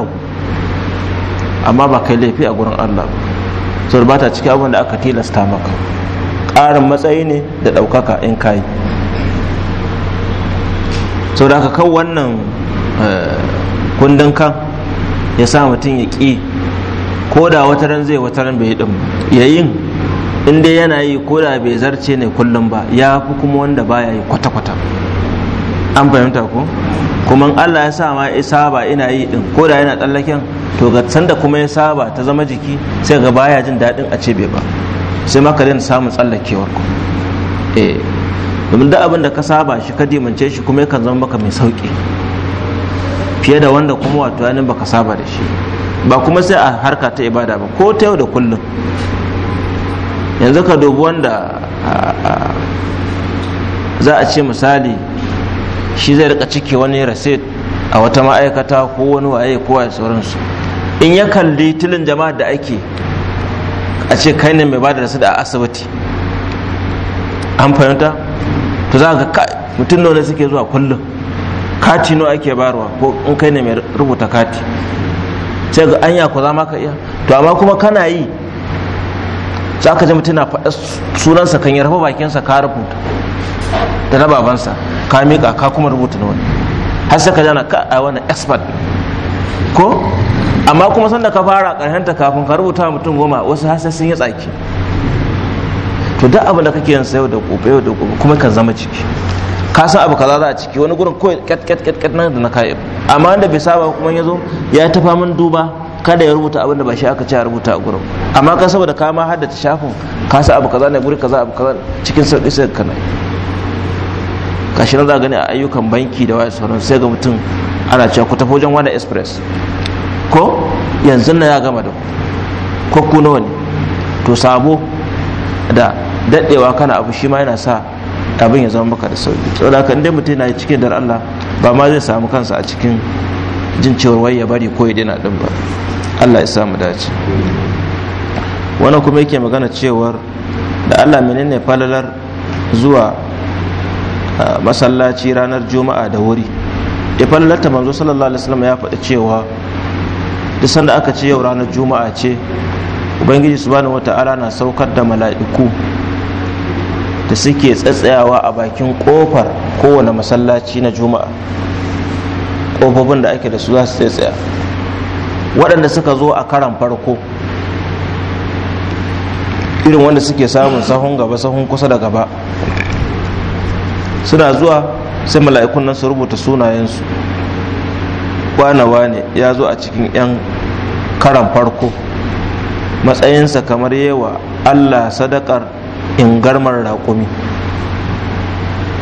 amma ba kai laifi a gurin Allah ba ba ta ciki abin da aka tilasta maka ƙarin matsayi ne da ɗaukaka in kayi sau da aka kan wannan eh, kundin kan ya sa mutum ya ƙi ko da wata ran zai wata ran bai ɗin ya yin in dai yana yi ko da bai zarce ne kullum ba ya fi kuma wanda baya yi kwata-kwata an fahimta ko kuma Allah ya sa ma ya saba ina yi ɗin ko da yana tsallaken to ga sanda kuma ya saba ta zama jiki sai ga baya jin daɗin a ce bai ba sai maka daina samun tsallakewar ku eh domin duk abin da ka saba shi ka dimance shi kuma yakan zama maka mai sauki fiye da wanda kuma wato yanin baka saba da shi ba kuma sai a harka ta ibada ba ko ta yau da kullum yanzu ka dubi wanda za a ce misali shi zai rika ciki wani rasit a wata ma'aikata ko wani waye ko waye sauransu in ya kalli tilin jama'a da ake a ce kai ne mai bada rasit a asibiti an fahimta to za ka mutum ne suke zuwa kullum kati no ake barwa ko in kai ne mai rubuta kati sai ga anya ku za maka iya to amma kuma kana yi za ka ji mutum na faɗa sunansa kan yi rafa bakinsa ka rubuta da na babansa ka miƙa ka kuma rubuta na wani har sai ka jana ka a wani expert ko amma kuma sanda ka fara ƙarshenta kafin ka rubuta mutum goma wasu har sai sun yi tsaki to duk abin da kake yin sayo da gobe yau da gobe kuma ka zama ciki ka san abu kaza za a ciki wani gurin kawai kat kat kat kat nan da na kai amma wanda bai saba kuma ya zo ya tafa min duba kada ya rubuta abin da ba shi aka ce a rubuta a gurin amma ka saboda ka ma haddace shafin ka san abu kaza ne guri kaza abu kaza cikin sauki sai ka nai kashi na za gani a ayyukan banki da wayar sauran sai ga mutum ana cewa ku tafi wajen wani express ko yanzu na ya gama da ko ku nawa ne to sabo da daɗewa kana abu shi ma yana sa abin ya zama maka da sauki saboda haka inda mutum na cikin dar Allah ba ma zai samu kansa a cikin jin cewar wai ya bari ko ya daina din ba Allah ya samu dace wannan kuma yake magana cewar da Allah menene falalar zuwa masallaci ranar juma'a da wuri ya ta manzo sallallahu alaihi wasallam ya faɗi cewa duk sanda aka ce yau ranar juma'a ce ubangiji subhanahu wata'ala na saukar da mala'iku da suke tsatsayawa a bakin kofar kowane masallaci na juma'a kofofin da ake da su za su tsatsaya waɗanda suka zo a karan farko irin wanda suke samun sahun gaba sahun kusa da gaba suna zuwa sai mala'ikun nan su rubuta sunayensu kwanawa ne ya zo a cikin 'yan karan farko matsayinsa kamar yawa allah sadakar ingarmar raƙumi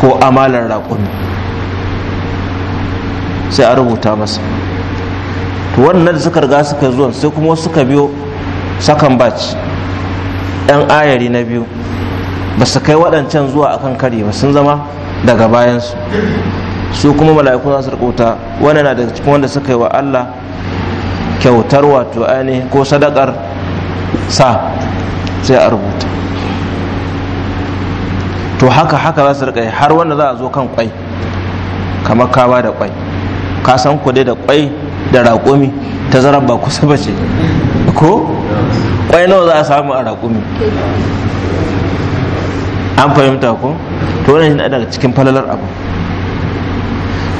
ko amalar raƙumi sai a rubuta masa to wannan da suka riga suka zuwa sai kuma suka biyo sakan baci yan ayari na biyu ba su kai waɗancan zuwa akan kari ba sun zama daga bayansu su kuma mala'iku za su rubuta wannan na daga cikin wanda suka yi wa Allah kyautar wato ainihin ko sadakar sa sai a rubuta to haka haka za su rika har wanda za a zo kan kwai kamar kawa da kwai ka san ku dai da kwai da raƙumi ta zarar ba kusa ba ce ko kwai nawa za a samu a raƙumi an fahimta ko to wannan yana daga cikin falalar abu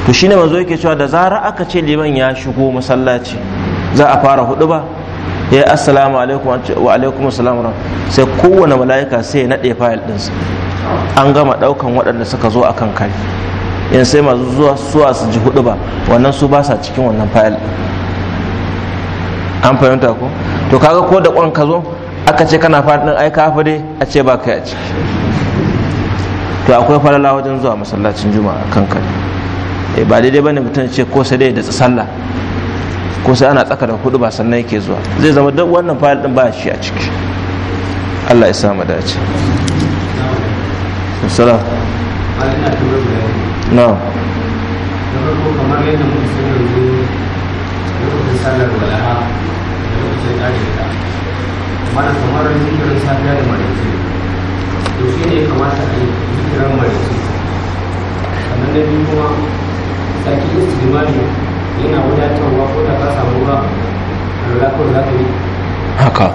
to shine manzo yake cewa da zara aka ce liman ya shigo masallaci za a fara hudu ba ya assalamu alaikum wa alaikum assalam sai kowane mala'ika sai ya nade fayil ɗinsa an gama ɗaukan waɗanda suka zo akan kari in sai masu zuwa suwa su ji hudu ba wannan su ba sa cikin wannan fayil an fahimta ko to kaga ko da kwan ka zo aka ce kana faɗin ai ka dai a ce ba kai a ciki to akwai falala wajen zuwa masallacin juma'a kan kare eh, ba daidai bane mutum ce ko sai dai da sallah ko sai ana tsaka da hudu ba sannan yake zuwa zai zama duk wannan fayil din ba shi a ciki Allah ya sa mu dace salam na kamar yadda muka sani da lokacin sallar walaha da lokacin ƙari da mana kamar zikirin safiya da maraice to shi ne kamata a yi zikirin maraice sannan na biyu kuma sake istimali yana wadatarwa ko da ka samu ruwa za ka yi haka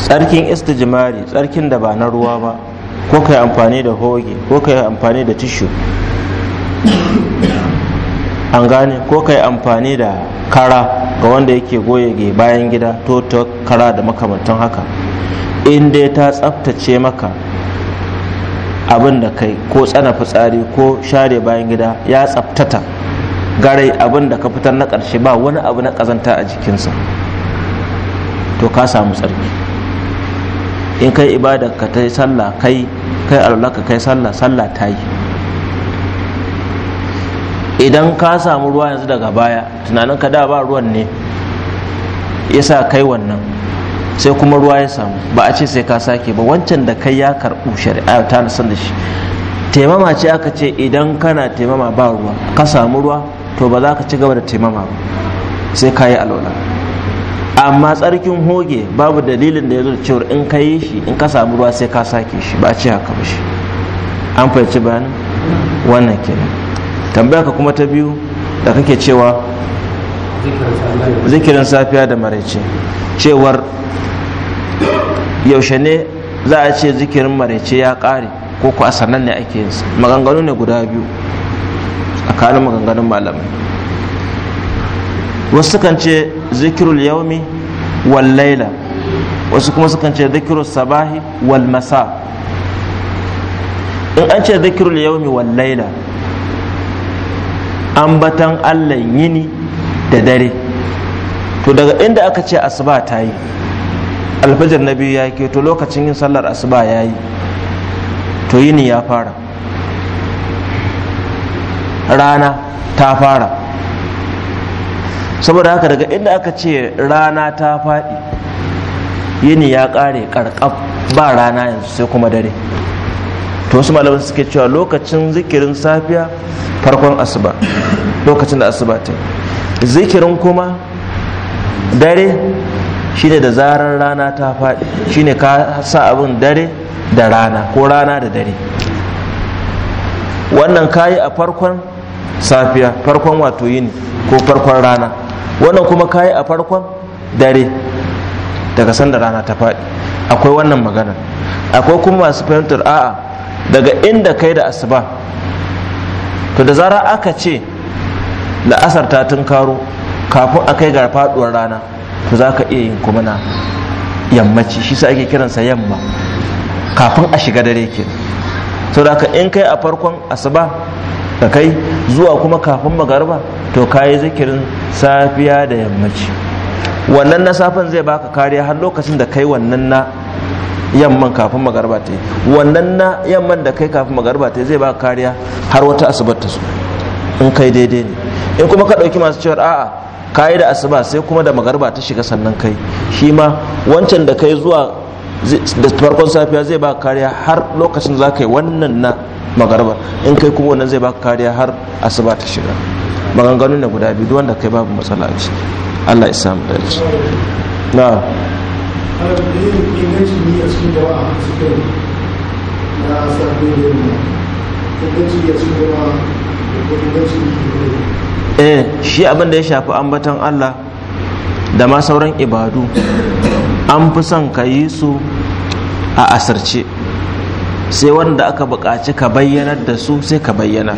tsarkin istijimari tsarkin da ba na ruwa ba ko ka yi amfani da hoge ko ka yi amfani da tishu an gane ko ka yi amfani da kara ga wanda yake goye bayan gida to ta kara da makamantan haka in dai ta tsaftace maka abin da kai ko tsana fitsari ko share bayan gida ya tsaftata garai abin da ka fitar na ƙarshe ba wani abu na ƙazanta a jikinsa to ka samu tsarki in kai ibada ka ta yi sallah kai kai alulaka kai sallah sallah ta yi idan ka samu ruwa yanzu daga baya tunanin ka da ba ruwan ne ya sa kai wannan sai kuma ruwa ya samu ba a ce sai ka sake ba wancan da kai ya karɓu shari'a ta nasar da shi taimama ce aka ce idan kana taimama ba ruwa ka samu ruwa to ba za ka ci gaba da taimama ba sai ka yi alwala amma tsarkin hoge babu dalilin da ya zo cewar in ka yi shi in ka samu ruwa sai ka sake shi ba ce haka ba shi an fahimci bayanin wannan kenan tambaya ka kuma ta biyu da kake cewa zikirin safiya da maraice cewar yaushe ne za a ce zikirin maraice ya kare ko ku a sannan ne ake yin maganganu ne guda biyu tsakanin maganganun malamai wasu sukan ce zikirul yaumi wal laila wasu kuma sukan ce zikirul sabahi wal masa in an ce zikirul yaumi wal laila ambatan allah yini da dare to daga inda aka ce asuba ta yi alfajar na biyu ya ke to lokacin yin sallar asuba ya yi to yini ya fara rana ta fara saboda haka daga inda aka ce rana ta faɗi yini ya ƙare ƙarƙaf ba rana yanzu sai kuma dare to wasu malamai suke cewa lokacin zikirin safiya farkon asuba lokacin da asuba ta zikirin kuma dare shine da zarar rana ta faɗi shine ka sa abin dare da rana ko rana da dare wannan kayi a farkon safiya farkon wato yini ko farkon rana wannan kuma kayi a farkon dare daga sanda rana ta faɗi akwai wannan magana akwai kuma masu fahimtar a'a daga inda kai da asuba to da zara aka ce la'asar ta tun karo kafin a kai ga faɗuwar rana to za ka iya yin kuma na yammaci shi sa ake kiransa yamma kafin a shiga dare ke to da in kai a farkon asuba ka kai zuwa kuma kafin magarba to ka yi zikirin safiya da yammaci wannan na safen zai baka kariya har lokacin da kai wannan na yamman kafin magarba ta yi wannan na yamman da kai kafin magarba ta yi zai baka kariya har wata asibar ta su in kai daidai ne in kuma ka ɗauki masu cewar a'a ka yi da asuba sai kuma da magarba ta shiga sannan kai shi ma wancan da kai zuwa da farkon safiya zai ba kariya har lokacin za ka yi wannan na magarba in kai kuma wannan zai ba kariya har asuba ta shiga maganganu ne guda biyu wanda kai babu matsala a allah isa mu dace na eh, shi abin da ya shafi ambatan allah da ma sauran ibadu an fi son ka yi su a asirce sai wanda aka buƙaci ka bayyanar da su sai ka bayyana,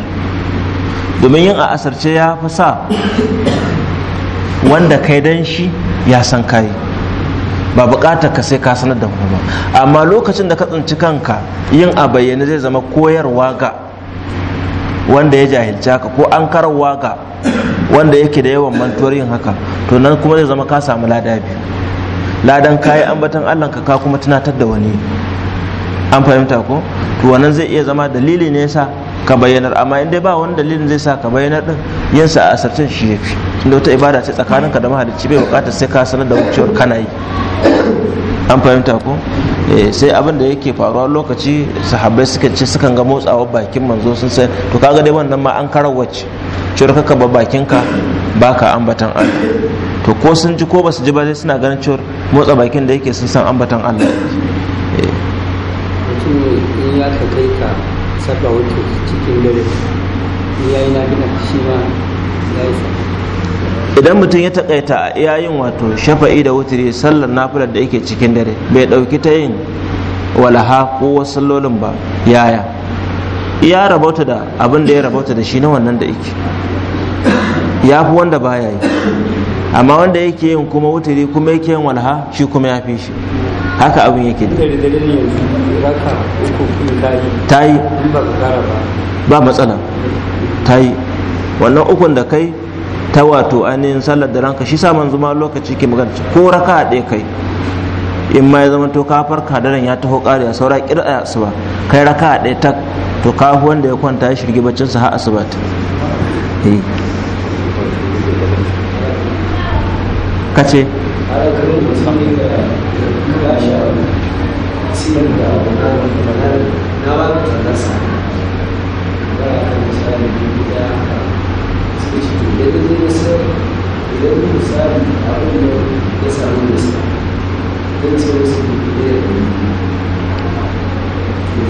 domin yin a asirce ya fi sa wanda kai dan shi ya san kai ba buƙatar ka sai ka sanar da kuma amma lokacin da ka tsinci kanka yin a bayyane zai zama koyarwa ga wanda ya jahilci ka, ko an karawa ga wanda yake da yawan mantuwar yin haka to nan kuma zai zama ka samu lada biyu ladan kayi ambatan allah ka ka kuma tunatar da wani an fahimta ko to wannan zai iya zama dalili ne yasa ka bayyanar amma in dai ba wani dalilin zai sa ka bayyanar din yin sa a asarcin shi yafi inda wata ibada ce tsakaninka da mahalicci bai bukatar sai ka sanar da wucewar kana yi an fahimta ko eh, sai abin da yake faruwa lokaci sahabbai suka ce sukan ga motsawa bakin manzo sun sai to kaga dai wannan ma an karar wacce cewar kaka ba bakinka baka ambatan Allah to ko sun ji ko ba su ji ba suna ganin cewar motsa bakin da yake sun san ambatan Allah ya idan mutum ya takaita a iyayin wato shafa'i da wuturi sallar nafilar da yake cikin dare bai ɗauki ta yin walaha ko wasu sallolin ba yaya ya rabauta da abin da ya rabauta da shi na wannan da yake ya fi wanda baya yi amma wanda yake yin kuma wutari kuma yake yin walha shi kuma ya fi shi haka abin yake da ta yi ba matsala ta yi wannan ukun da kai ta wato ainihin sallar da ranka shi sa zuma ma lokaci ke magana ko raka ɗaya kai in ma ya zama to ka farka ran ya taho ƙari a saura a asuba kai raka ɗaya tak to kafu wanda ya kwanta ya shirgi baccinsa har asuba ta eh. ka ce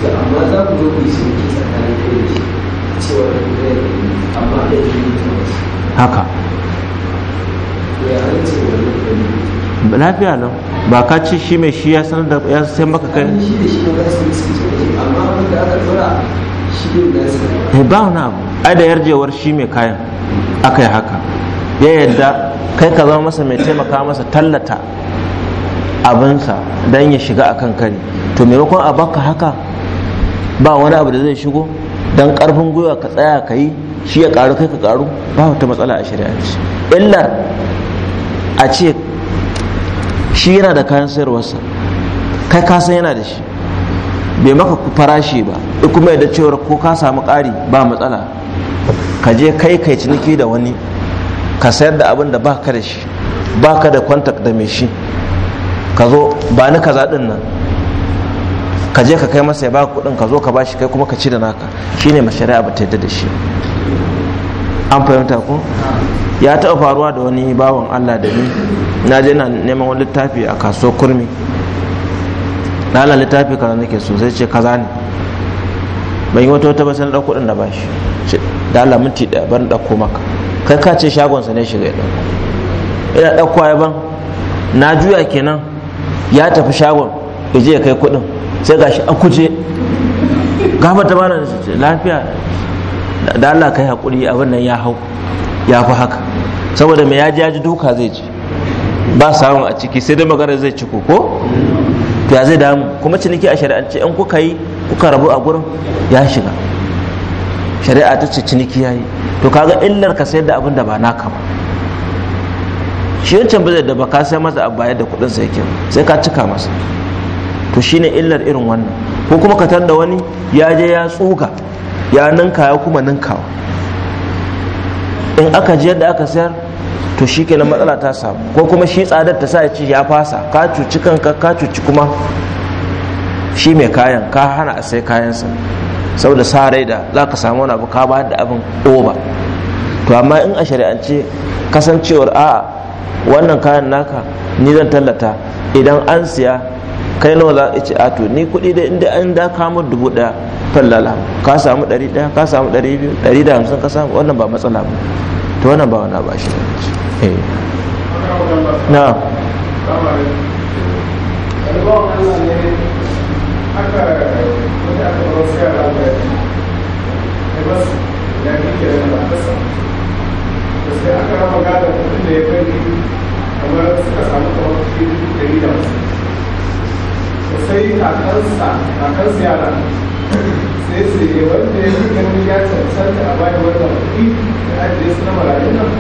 amma za ku zo ku yi ciniki tsakanin haka lafiya nan ba ka ci shi mai shi ya sanar da ya sai maka kai ne eh, ba wani abu ai da yarjewar shi mai kayan aka yi haka ya yadda kai ka zama masa mai taimaka masa tallata abinsa don ya shiga akan kari to maimakon a baka haka ba wani abu da zai shigo don karfin gwiwa ka tsaya ka yi shi ya karu kai ka karu ba wata matsala a shari'ance illar a ce shi yana da kayan sayarwarsa kai ka san yana da shi bai maka farashi ba kuma yadda cewar ko ka samu ƙari ba matsala ka je kai kai ciniki da wani ka sayar da abin da ba ka da shi ba ka da kwantak da mai shi ka zo ba ni ka zaɗin nan ka je ka kai masa ya ba kuɗin ka zo ka ba shi kai kuma ka ci da naka Shi ne mashari'a ba ta yadda da shi an fahimta ko ya taɓa faruwa da wani bawan allah da ni na je na neman wani littafi a kasuwar kurmi na ala littafi kaza nake so sai ce kaza ne ban yi wata wata ba sai na ɗauko ɗin da bashi da ala minti ɗaya ban ɗauko maka kai ka ce shagonsa ne shiga ya ɗauko ina ɗauko ya ban na juya kenan ya tafi shagon ya je ya kai kuɗin sai gashi an kuje gaba ta bana lafiya da Allah kai hakuri abin nan ya hau ya fi haka saboda mai yaji yaji duka zai ci ba samun a ciki sai dai magana zai ci ko ya zai damu kuma ciniki a shari'ance in kuka yi kuka rabu a gurin ya shiga shari'a ta ce ciniki ya yi to kaga illar ka sayar da abin da ba naka ba shi yancan ba zai da ba ka sai masa abu bayar da kuɗin sa yake sai ka cika masa to shine illar irin wannan ko kuma ka tanda wani ya je ya tsuga ya ninka ya kuma ninkawa in aka ji yadda aka sayar to shi kenan matsala ta samu ko kuma shi tsadar ta sa ya ce ya fasa ka cuci kanka ka cuci kuma shi mai kayan ka hana a sai kayansa saboda sa rai da za ka samu wani abu ka ba da abin oba to amma in a shari'ance kasancewar a'a wannan kayan naka ni zan tallata idan an siya kai nawa za a ce a to ni kuɗi da inda an da kamar dubu ɗaya fallala ka samu ɗari ɗaya ka samu ɗari biyu ɗari da hamsin ka samu wannan ba matsala ba to wannan ba wani ba shi eh. na aka da ya kamar suka samu sai kakansa kakansa yara sai su yi wanda ya fi ganin ya cancanta a bayan wannan kuɗi da ajiye su na marayun nan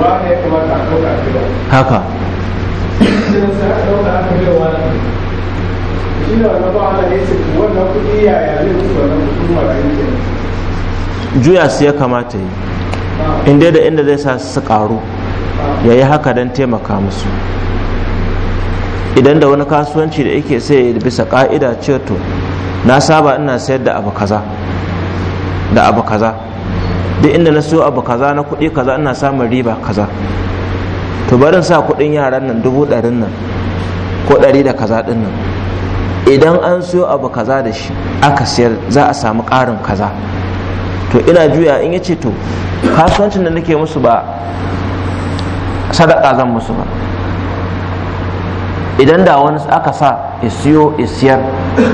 wa ya kamata a ɗauka a ba. haka sai sai a ɗauka aka bai wa nan shi da wannan ba ana ne ce wannan kuɗi yaya zai su wannan kuɗin marayun ke juya su ya kamata yi ah. inda da inda zai sa su ƙaru ah. ya yi haka don taimaka musu idan da wani kasuwanci da yake sai bisa ka'ida ce to na saba ina sayar da abu kaza da abu kaza duk inda na siyo abu kaza na kuɗi kaza ina samun riba kaza to barin sa kuɗin yaran nan dubu ɗarin nan ko ɗari da kaza ɗin nan idan an siyo abu kaza da shi aka siyar za a samu ƙarin kaza to ina juya in ya ce to kasuwancin da nake musu ba sadaka zan musu ba idan da wani aka sa ya siyo ya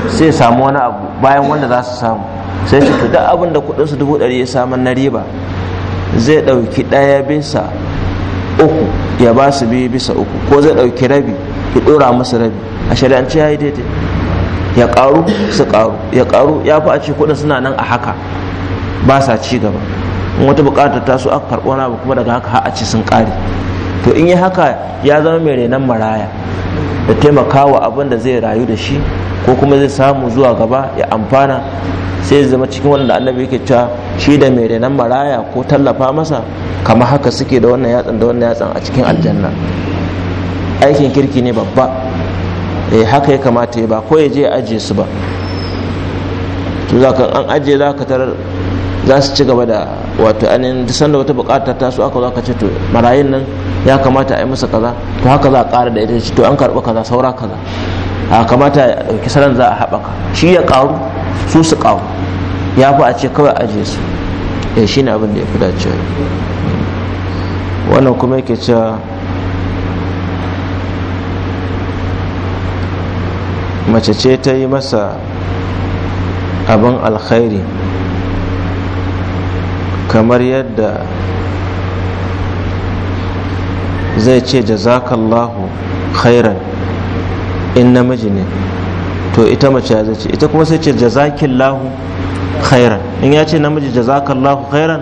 sai samu wani abu bayan wanda za su samu sai shi to abin da kudin su dubu ɗari ya samu na riba zai ɗauki ɗaya bisa uku ya ba su biyu bisa uku ko zai ɗauki rabi ya ɗora musu rabi a shari'ance ya yi daidai ya ƙaru su ƙaru ya ƙaru ya fi a ce kudin suna nan a haka ba sa ci gaba wata buƙatar ta su aka karɓo abu kuma daga haka har a ce sun ƙare to in yi haka ya zama mai renon maraya da taimakawa abin da zai rayu da shi ko kuma zai samu zuwa gaba ya amfana sai ya zama cikin wanda annabi yake cewa shi da mai renan maraya ko tallafa masa kamar haka suke da wannan yatsan da wannan yatsan a cikin aljanna aikin kirki ne babba eh haka ya kamata ya ba ko ya je ya ajiye su ba to zaka an ajiye zaka tarar za su ci gaba da wato anin san da wata bukata ta su aka zo aka ce to marayin nan ya kamata a yi masa kaza to haka za a ƙara da ita to an karɓi kaza saura kaza a kamata a ɗauki salon za a haɓaka shi ya ƙaru su su ƙaru ya fi a ce kawai aje su ya eh, shi ne abin da ya fi dacewa wannan kuma yake cewa mace ce ta yi masa abin alkhairi kamar yadda zai ce jazakallahu khairan in namiji ne to ita mace ya zai ce ita kuma sai ce jazakillahu khairan in ya ce namiji jazakallahu khairan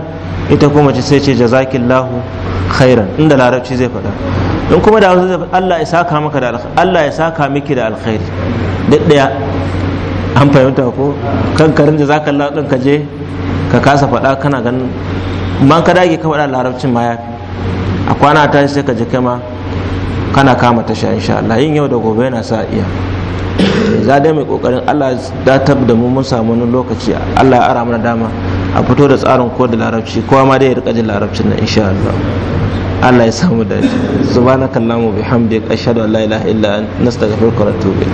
ita kuma mace sai ce jazakillahu khairan inda larabci zai faɗa in kuma da wasu zai faɗa Allah ya saka maka da alkhairi Allah ya saka miki da alkhairi duk daya an fahimta ko kankarin jazakallahu din ka je ka kasa faɗa kana ganin man ka dage ka faɗa larabcin ma ya a kwana ta sai ka je kai ma kana kama tasha insha Allah yin yau da gobe yana sa iya eh, za dai mai kokarin Allah datar da mu mun samu wani lokaci Allah ya ara mana dama a fito da tsarin ko da larabci kowa ma dai ya rika jin larabcin nan insha Allah Allah ya samu da shi subhanakallahu bihamdika ashhadu an la ilaha illa anta nastaghfiruka wa natubu ilayk